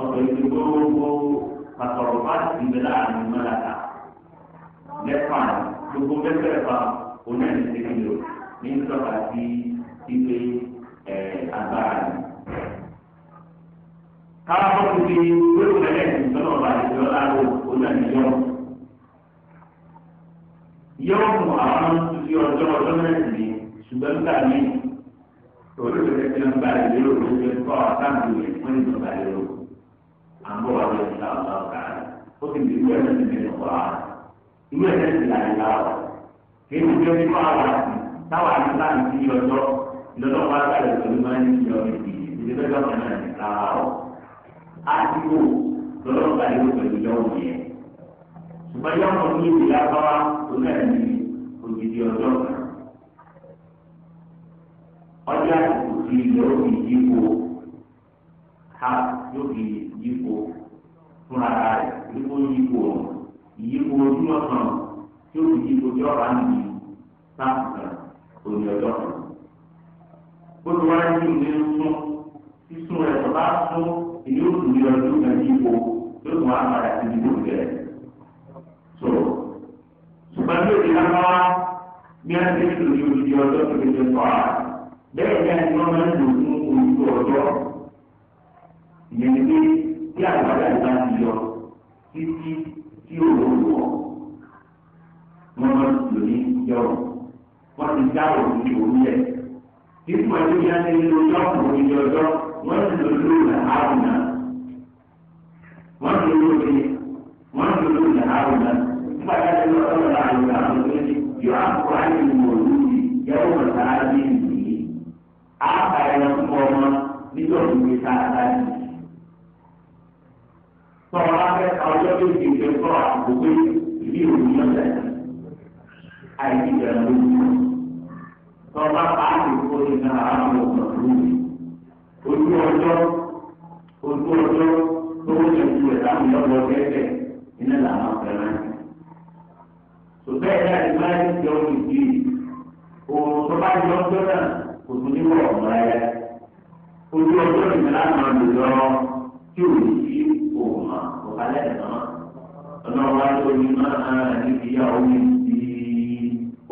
ọ̀dọ̀ ìlú gbogbo pàtọ́rọ̀ bá ti bẹ̀ láàrin mọ́làkà lẹ́fà gbogbo bẹ́ẹ̀ fà oní ẹ̀mí tẹ́lẹ̀ lò ní sọ́kà sí ipe agbára rẹ̀. káwá bọ́ ti di gbólóhùn ẹlẹ́sìn sọ́nà ọ̀la ìjọ láàrú oní ẹ̀mí yọ. yọ̀ọ̀mù àwọn ti fi tòló lè fi ń balẹ̀ lérò ló fi kọ́ àtàkùn yẹn fún ìgbà balẹ̀ lérò à ń ìlà ọ̀la ọ̀gá ó sì ní ìwé ẹ̀sìn ní ọ̀gá rẹ̀ ìwé ẹ̀sìn là ń yà kí ni bí ó kọ́ àwọn àti táwọn àti láti fi ọjọ́ lọ́dọ̀ wá sàlẹ̀ pẹ̀lú máa ń yọ ìdí ìdí bẹ́ẹ̀ lọ́kàn náà ní rárá ọ̀ àdìgbò lọ́dọ̀ balẹ̀ ló pẹ̀lú yọ̀wọ̀ yẹn ṣùgbọ́n yọ̀wọ̀ ọjà ìdí yóò fi yípo ha yóò fi yípo fúnra rẹ̀ yípo yípo yípo ojú ọ̀sán yóò fi yípo tí ọ̀rá nìyí sáàpù kan òní ọjọ́ kan. gbogbo wa ní ìlú ní sún sísun rẹ̀ tó sún èyí ó tún yọ kan yípo yóò tún wá padà sí ìdíbò bẹ̀rẹ̀. ṣùgbọ́n bí òde lápá wá bí wọ́n ti ń lò ní odidi ọjọ́ tó lè bẹ́ẹ̀ ni àti wọ́n máa ń lò fún ojú ọjọ́ ìyẹn tí àgbàdo àgbà ti yọ títí tí ó lò wọ̀ wọ́n máa ń lò ní yọrọ̀ wọ́n ti dá òfin òun yẹ títí wọ́n ti yá ní lórí ọ̀pọ̀ ojú ọjọ́ wọ́n ti lò lórí làárọ̀ náà wọ́n ti lò lórí wọ́n ti lò lórí làárọ̀ náà nígbà tí a ti lọ́ọ́ lọ́ọ́ làárọ̀ náà lórí yọ àpò àyè ìmọ̀ òlùdí yẹ́wò mọ̀tàlá bíi àbàyàn fún ọmọ nígbà òkúté sáadá ni. Sọ̀rọ̀ afẹ́ ọjọ́ tó ti gbé sọ àgbègbè ìdí òkú lọ́sẹ̀ àìsí ìjọba lójú. Sọ̀rọ̀ pàápàá kò ní ká àwọn ọmọ lójú. Ojú ọjọ́ ojú ọjọ́ tó ń yẹ ju ẹ̀dá mi lọ́wọ́ gẹ́gẹ́ iná làwọn fẹ́ràn. Sọ̀bẹ́ẹ̀ náà ni máa ń jọ òjì. Òòrùn tó bá yọ ọjọ́ náà kò wọ̀ ọ̀gbà ẹ̀ ojú ọjọ́ ìgbàlá máa lò lọ tí ò ní sí òun mà kò bá lẹ́yìn náà ọlọ́run ní máa ń ní ìyá omi sí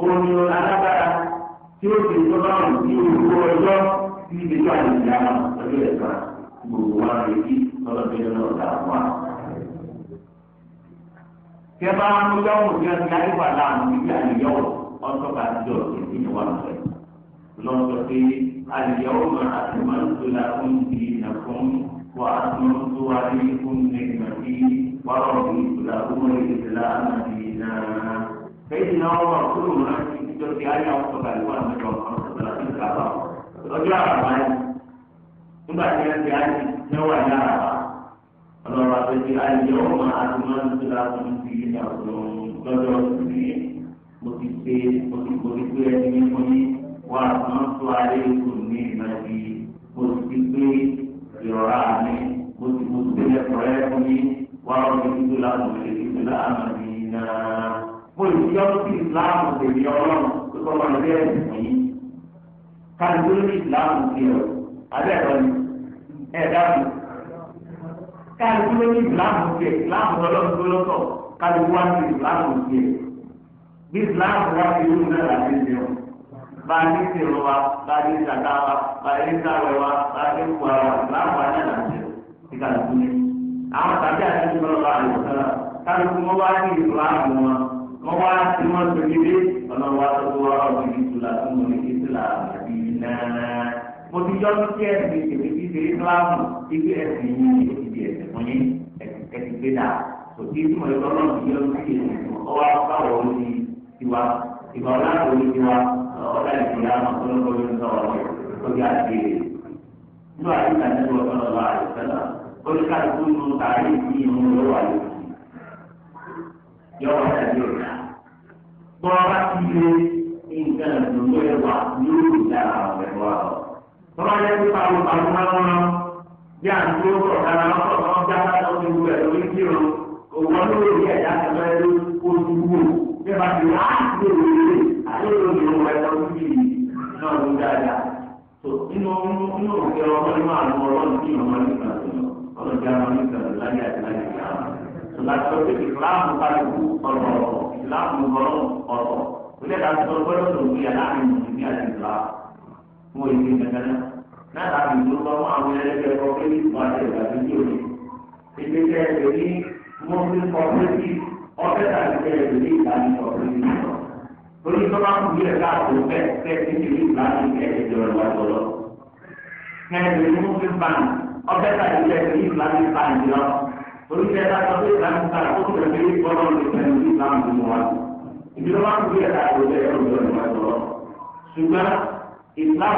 i alágbára tí ó ti tó bá wù ojú ọjọ́ tí ibi tó àlejò àwọn ọjọ́ ẹ̀ka gbogbo wa retí ọlọ́dún náà dà wá kẹfà ń lọ́wọ́ bí wọ́n ti láyé wà láàmú níbi àyẹ̀wò ọ̀sọ́ba àti ọ̀sẹ̀ ìdíyẹ̀wò àgbẹ̀ lọ́sọ̀ pé àyẹ̀wò máa ti máa ń tóla fún ti nàkún wà á ti máa ń tó wá ní fún nìgbàdí wàrà òbí tóla fún ìdílé àmàdí náà. Bẹ́ẹ̀ni náà wọ́n wà kúrò náà ti ti tọ́jú ayé àwọn sọ̀rọ̀ àlùkò àmì ọ̀kan sọ̀rọ̀ àti ìkàbà. Lọ́jọ́ àràbá yìí, nígbà tí wọ́n ti ayé náwó àyè àràbá, ọlọ́run àtẹ̀jẹ́ àyẹ̀wò máa ti máa lọ́jọ́ ìgbìyànjú wà fún tó ayé kò ní ìmọ̀lì kò sí pé ìrọ̀rá mi kò sí kò sí pé ẹ̀kọ́rẹ́ fún mi wà ó ní títú láàmú lè títú láàmú mi náà. mo lè fi ọdún sí ìsìláàmù tèmi ọlọ́run tó kọ́ wọn lé ẹ̀sìn yìí. káàdì tó ní ìsìláàmù ti ọ̀ abẹ́ ẹ̀rọ ni ẹ̀ dáàbò. káàdì tó ní ìsìláàmù ti ẹ̀ ìsìláàmù ọlọ́run tó lọ́tọ̀ káàdì wá sí ìsìláàmù ti ẹ̀ bí ìsìláàmù wá bá a ní ìṣèlú wa bá a ní ìṣàdá wa bá a ní ìṣàwẹ̀ wa bá a ní ìkú ara wa láwọn ajá náà ṣe ìgbà tó ní. àwọn tàbí àti ìṣòro bá a lè sọ́ra kálukú wọn wá ní ìlú ààbò wọn wọn wá sí wọn sókèdè ọ̀nà wa tó tó wá ọ̀gbìn ìtura tó mọ̀ ní ìtura àbí náà. mo ti yọ sí ẹ̀sìn ìṣèlú ìṣèlú ìsìláàmù ibi ẹ̀sìn yìí ti di ẹ̀sìn fún yín ẹ̀sìn gbé dà kò sí ìtumọ̀ ìtọ́lọ́ọ̀dù yọ sí ẹ̀sìn ọwọ́ báwo ni tiwa ìgbà ọ̀la kò ní tiwa ọ̀dà ìpìlẹ̀ àwọn tó ń bọ̀wé sọ̀rọ̀ lórí àgbèrè. Nínú àyíká nínú ọ̀sán ọ̀la àyíkálá, oníkàtúkú nù tààrí ìdí ìmú lọ́wọ́ àyíkú. Yọ̀wọ̀ àtàdé ọ̀dà. Bọ́ bá ti lé nǹkan ìdùnnú ẹwà yóò dára àwọn ẹ̀wà lọ. Bọ́lá yẹ kí pariwo pariwo máa ń rán. Bí à ń tó sọ̀rọ̀ dára lọ́sọ̀rọ̀ tó ń já bí a bá ti wá lórí ilé àti lórí ìwé ẹ̀kọ́ níbi náà ló dáadáa tó nínú nínú òkè ọmọ ní máa lọ ọlọ́run ní ọmọ ní ìgbà tó lọ ọlọ́run jẹ́ ọmọ ní ìgbà tó láyé àti láyé ìgbà tó láti sọ pé ìsìláàmù kálukú ọ̀rọ̀ ìsìláàmù ọ̀rọ̀ ọ̀rọ̀ ilé ìdájọ́ tó gbọ́dọ̀ tó gbé aláàmì mùsùlùmí àti ìgbà tó ìgbà tó dé ọ̀fẹ́ tàbí kẹlẹ̀ ló ní ìlànà ọ̀rẹ́ mi sọ. Torí tó bá kú yẹ káàtó bẹ́ẹ̀ bẹ́ẹ̀ ti ti ní ìlànà kẹlẹ̀ jọ lọ lọ. Kẹlẹ̀ ló mú fi bàn ọ̀fẹ́ tàbí kẹlẹ̀ ní ìlànà bàn jọ. Torí tẹ bá sọ pé ìlànà bàn tó kọ̀ pé bọ́lá ló fẹ́ ní ìlànà tó wà. Ibi tó bá kú yẹ káàtó bẹ́ẹ̀ jọ lọ. Ṣùgbọ́n ìlànà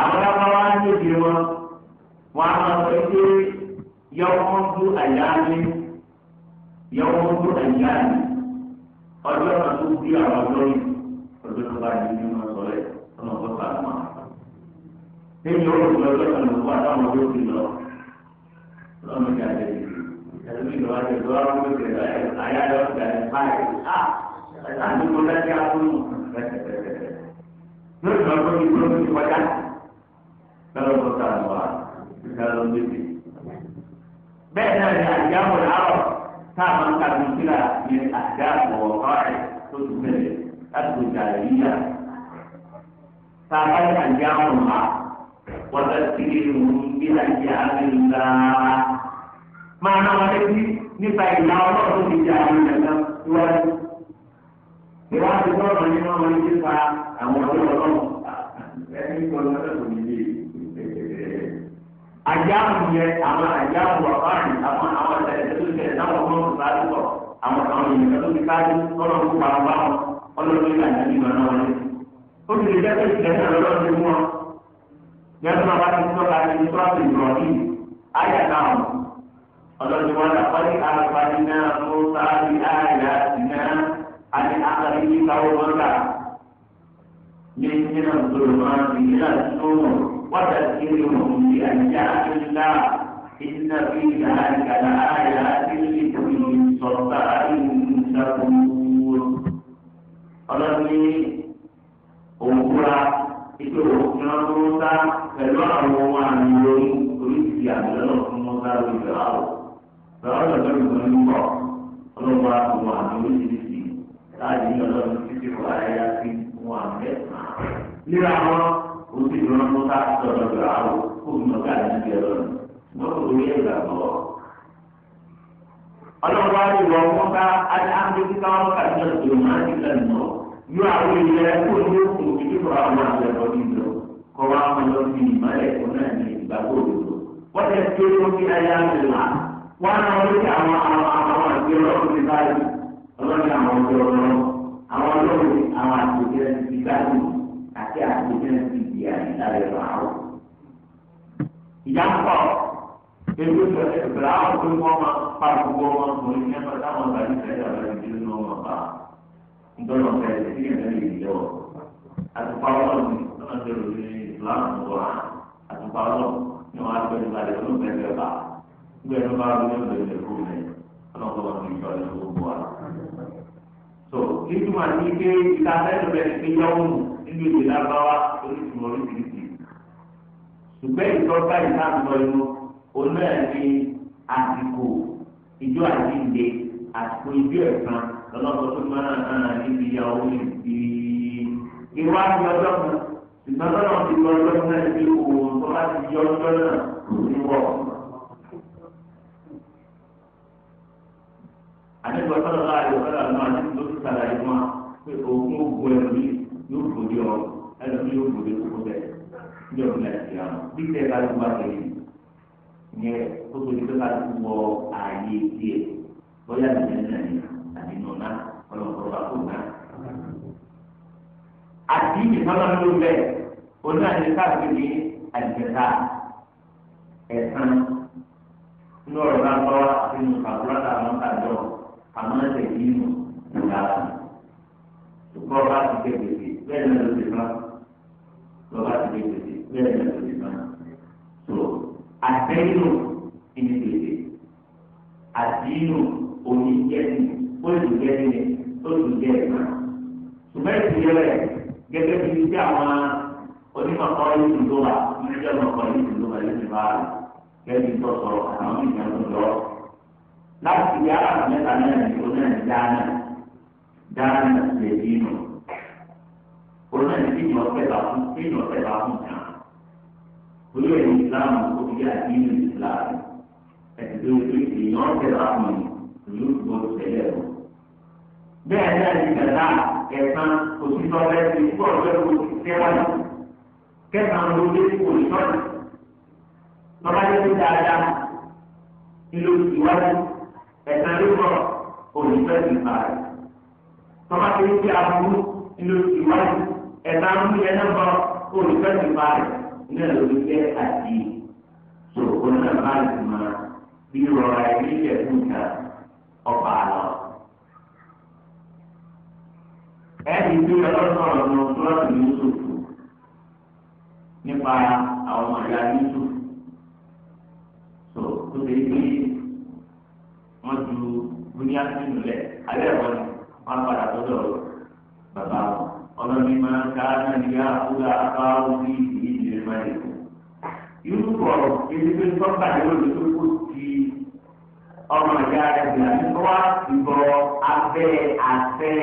àwọn amáwá níbi wọn wọn á máa sọ pé yọwọ́n bú àyáálé yọwọ́n bú àyáálé ọjọ́ náà tó bí àwọn ọlọ́yìn ọjọ́ tó bá yẹ kí wọ́n sọ rẹ̀ ọmọ tó bá wọn. Nínú olùkọ́ ọjọ́ kan ló wà táwọn ọjọ́ ti lọ lọ́nà ìjà rẹ̀ ẹ̀rọ ìlú àti ìlú àwọn ọmọ ìgbẹ́ ayáyọ ìgbà rẹ̀ báyìí á àdúgbò lẹ́sẹ̀ àbúrò rẹ̀. Yóò sọ pé ìgbòho ti kọjá. Kalau tó ta àgbà kálọ̀ níbi. bẹ́ẹ̀ náà ni àjábọ̀ làárọ̀ tá a máa ń kàdé síra ní àjábọ̀ ọ̀rẹ́ tó ti bẹ̀rẹ̀ láti lè jà ada tá a bá ní àjábọ̀ mà wọ́n ti ti rí ìrùn bí àjẹ́ àmìlá. máa ná wọn létí nípa ìlà ọlọ́run ti jà àmìlá àjáàmù yẹn àwọn àjáàmù àbáàrin àwọn àwọn ìṣẹ̀lẹ̀ tó ń ṣẹlẹ̀ náà wọ́n mọ̀ sáájú pọ̀ àwọn àwọn ènìyàn tó ti sáájú ọlọ́run kó parọ́ bá wọn ọlọ́run ìlànà ìlànà ìlànà náà wọlé. ó ti lè jẹ́ pé ìṣẹ̀lẹ̀ náà lọ́dọ̀ ti mú wọn. yẹn tó bá ti sọ́ ka ti sọ́ àti ìrọ̀ yìí náà ọlọ́run wọn là pálí àlùfáàdì náà mú sáájú وتذكرهم بأنجاح الله إن في ذلك لآيات لكل صبار شكور قلبي أمورا ìpè òkun ọdún ta pẹ̀lú àwọn ohun àmì lórí oríṣiríṣi àbẹ̀lẹ̀ ọ̀fun mọ́tà lórí ìgbà wò. Bàbá ìgbà mi kò bọ̀ ọlọ́wọ́ àwọn àmì oríṣiríṣi láàyè ọlọ́run títí wọ ayé àti ohun àmì ẹ̀sán. Níra wọn ó sì lọ́nà tó ká sọ̀rọ̀ gbà á o kó mi ọ̀gá ní ibi ẹ̀rọ nù lọ́kọ̀ lórí ẹ̀gbà bọ̀. ọlọ́wọ́ á lè wọ wọn bá ángẹ́lì káwọn kàdé ọ̀dọ́ máa ń kíkà nù yóò àwọn èèyàn kó ní òkú ìdí kọ́ àwọn àgbẹ̀bọ̀ nìjọ kọ́ wa máa lọ sí ìmọ̀lẹ̀ kó náà ní ìgbàgbọ́ òdodo wọ́n ti ṣe é lókè ayé àgbẹ̀lá wọ́n àwọn àwọn àwọn àwọn ọlọ́run àti ìyá nígbà rẹ̀ wà áwọ̀. ìyá ń pọ̀ ebi tó ìbílẹ̀ àwọn tó wọ́n máa pa gbogbo wọn kò ní ẹ̀fọ́ táwọn bá ní ìfẹ́ yàrá ìdí nínú wọn bá nítorí wọn fẹ́ sí ẹ̀rẹ́ ìdí ọ̀ àtùpà ọlọ́ọ̀ni náà ti rò ní ìsìláàmù wọn àtùpà ọlọ́ọ̀ni ni wọn á gbé nípa rẹ̀ ló ń bẹ̀rẹ̀ bá gbé nípa rẹ̀ ló ń bẹ̀rẹ̀ kó lẹ̀ ọlọ́ọ̀kọ́ wọn kì í yọ ọ́ tó nítumọ̀ ní pé ìta sẹ́yìn bẹ́ẹ̀ ti yáwó mu nínú èdè lágbáwá onítumọ̀ oríṣiríṣi. ṣùgbọ́n ìtọ́gbà ìtàkùnọ̀ inú oná ẹ̀ ní àsìkò ìjọ àjíǹde àsìkò ìjọ ẹ̀sán lọ́lọ́sọ tó máa ń hàn níbi ìyàwó ìdí. ìwà ni ọjọ́ kan ṣùgbọ́n lọ́nà ti lọ lọ́nà ìdí òun tó bá ti yọ ọjọ́ náà ní wọ̀. àdébọ̀ sọ̀rọ̀ láàyè ọ̀rọ̀ àná àti lóṣù tààrà yìí wọn pé ogun ogun ẹ̀mí yóò gbòde ọ ẹlòmí yóò gbòde kókó bẹ́ẹ̀ ní ọ̀gbìn àti àwọn bí tẹ̀ ká ló bá tẹ̀lé yẹ kókó ní ká ló wọ ààyè tiẹ̀ bóyá nìyẹn náà ni àbí nù náà ọlọ́mọdé wa kò náà. àti ìfọ̀nà ló bẹ́ẹ̀ jọ̀ọ́ àmọ́ ẹsẹ̀ yìí nù ìyá rẹ̀ ṣùgbọ́n ọba ti gbé gbèsè bẹ́ẹ̀ ni ló ti bá lọ́ba ti gbé gbèsè bẹ́ẹ̀ ni ló ti bá so àtẹ́yìnù ìní gbèsè àtìyìnù òní jẹ́ni oṣù jẹ́ni oṣù jẹ́ni ṣùgbọ́n ìdílé rẹ̀ gẹ́gẹ́ bí ti àwọn onímọ̀ kọ́ ìlú tó wà níjọ́ mọ̀ kọ́ ìlú tó wà lẹ́sìn bá rẹ̀ gẹ́gẹ́ bí tó sọ̀rọ̀ àwọn ìgbà láti yá àwọn mẹ́ta náà ní oní ẹ̀ dáná dáná lè bí nù oní ẹ̀ bí yàn fẹ́ bá fún bí yàn fẹ́ bá fún kàn olú ẹ̀ islam ó fi yà bí nù islam ẹ̀ ti tó tó èèyàn fẹ́ bá fún ìlú tó tẹ̀lé o bẹ́ẹ̀ náà ní gàdá ẹ̀sán òṣìṣọ́ bẹ́ẹ̀ ti kúrò lẹ́nu òṣìṣẹ́ kẹsàn-án ló dé òṣìṣọ́ tọ́lá yẹn ti dáadáa ìlú ìwádìí ẹ̀sẹ̀ ló bọ̀ òyìnbẹ́ ti bá rẹ̀. tọ́ba ti ń fi aburú inú ìwádìí ẹ̀sẹ̀ aburú yẹn náà bọ̀ òyìnbẹ́ ti bá rẹ̀ iná ló ti jẹ́ àti sòkò náà bá rẹ̀ ti máa bí rọra ẹni ìṣẹ̀kùn kan ọba àlọ́. ẹni tí ọlọ́sọ̀rọ̀ ló ń sọ́ọ̀tù Yusuf nípa àwọn ọmọ Yusuf. ní àtúntò lẹ̀ alẹ́ ẹ̀rọ ni wọ́n padà tó dọ̀rọ̀ bàbá wọn. ọlọ́ni máa ń ká náà ní àkúrà abáwọ̀ ní ìdílé ìjọba èkó. yúrùkọ̀ ìdílé sọ́kà yóò lè tó kó ti ọmọ ìyá rẹ̀ gbà nípa wá ìbọ̀ abẹ́ àfẹ́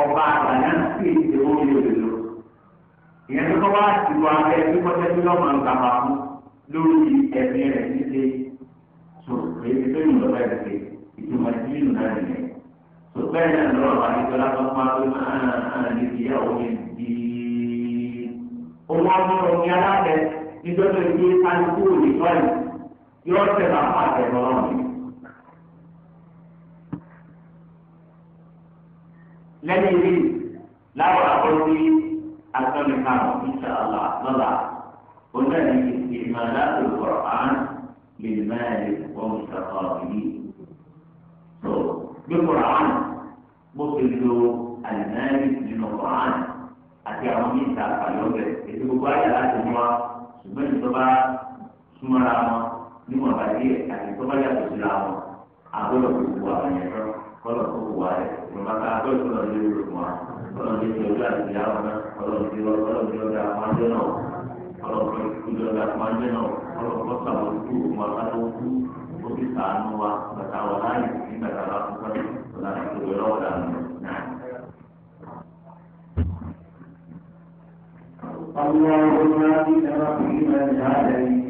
ọba àgbàlá sí èdè owó yóò lò. ìyẹn tó kọ́ wá ìbọ̀ abẹ́ tí wọ́n tẹ́tí lọ́mọ ìgbàgbà fún lórí ẹ̀mí rẹ̀ nílé. sọ̀rọ̀ èyí tó yìnbọn bá ẹ̀ يمثلنا جميعا سبحان الله عليه الصلاة والسلام أنا أنا لك يوم الدين الله يا رب إذا تجي تنقول فن يرتب حتى برامي لن يريد لا أقول لي أكثر إن شاء الله نضع هنالك استعمالات القرآن للمالك ومستقابليه tó gbé kuraani bó ṣe lo alimẹ́rì nínú kuraani àti àwọn mítà àyọ̀bẹ̀ ètò gbogbo ayé láti mú wa ṣùgbọ́n ìjọba súnmọ́ra wọn níwọ̀n bàbí àti ìjọba yàtọ̀ síra wọn àgbọ̀dọ̀ gbogbo àwọn yẹn lọ kọ́lọ̀ tó wù wá rẹ̀ ìjọba ká àgbọ̀dọ̀ tó lọ lé lórí wọn kọ́lọ̀ lé lórí ọjọ́ àti ìyá wọn náà kọ́lọ̀ lé lórí ọjọ́ àwọn ajé náà kọ́lọ̀ lé lórí ọjọ́ àwọn ajé náà kọ́lọ̀ ó sì sàánú wa bàtà wà láàyè nígbà tá a bá fún sọ́dún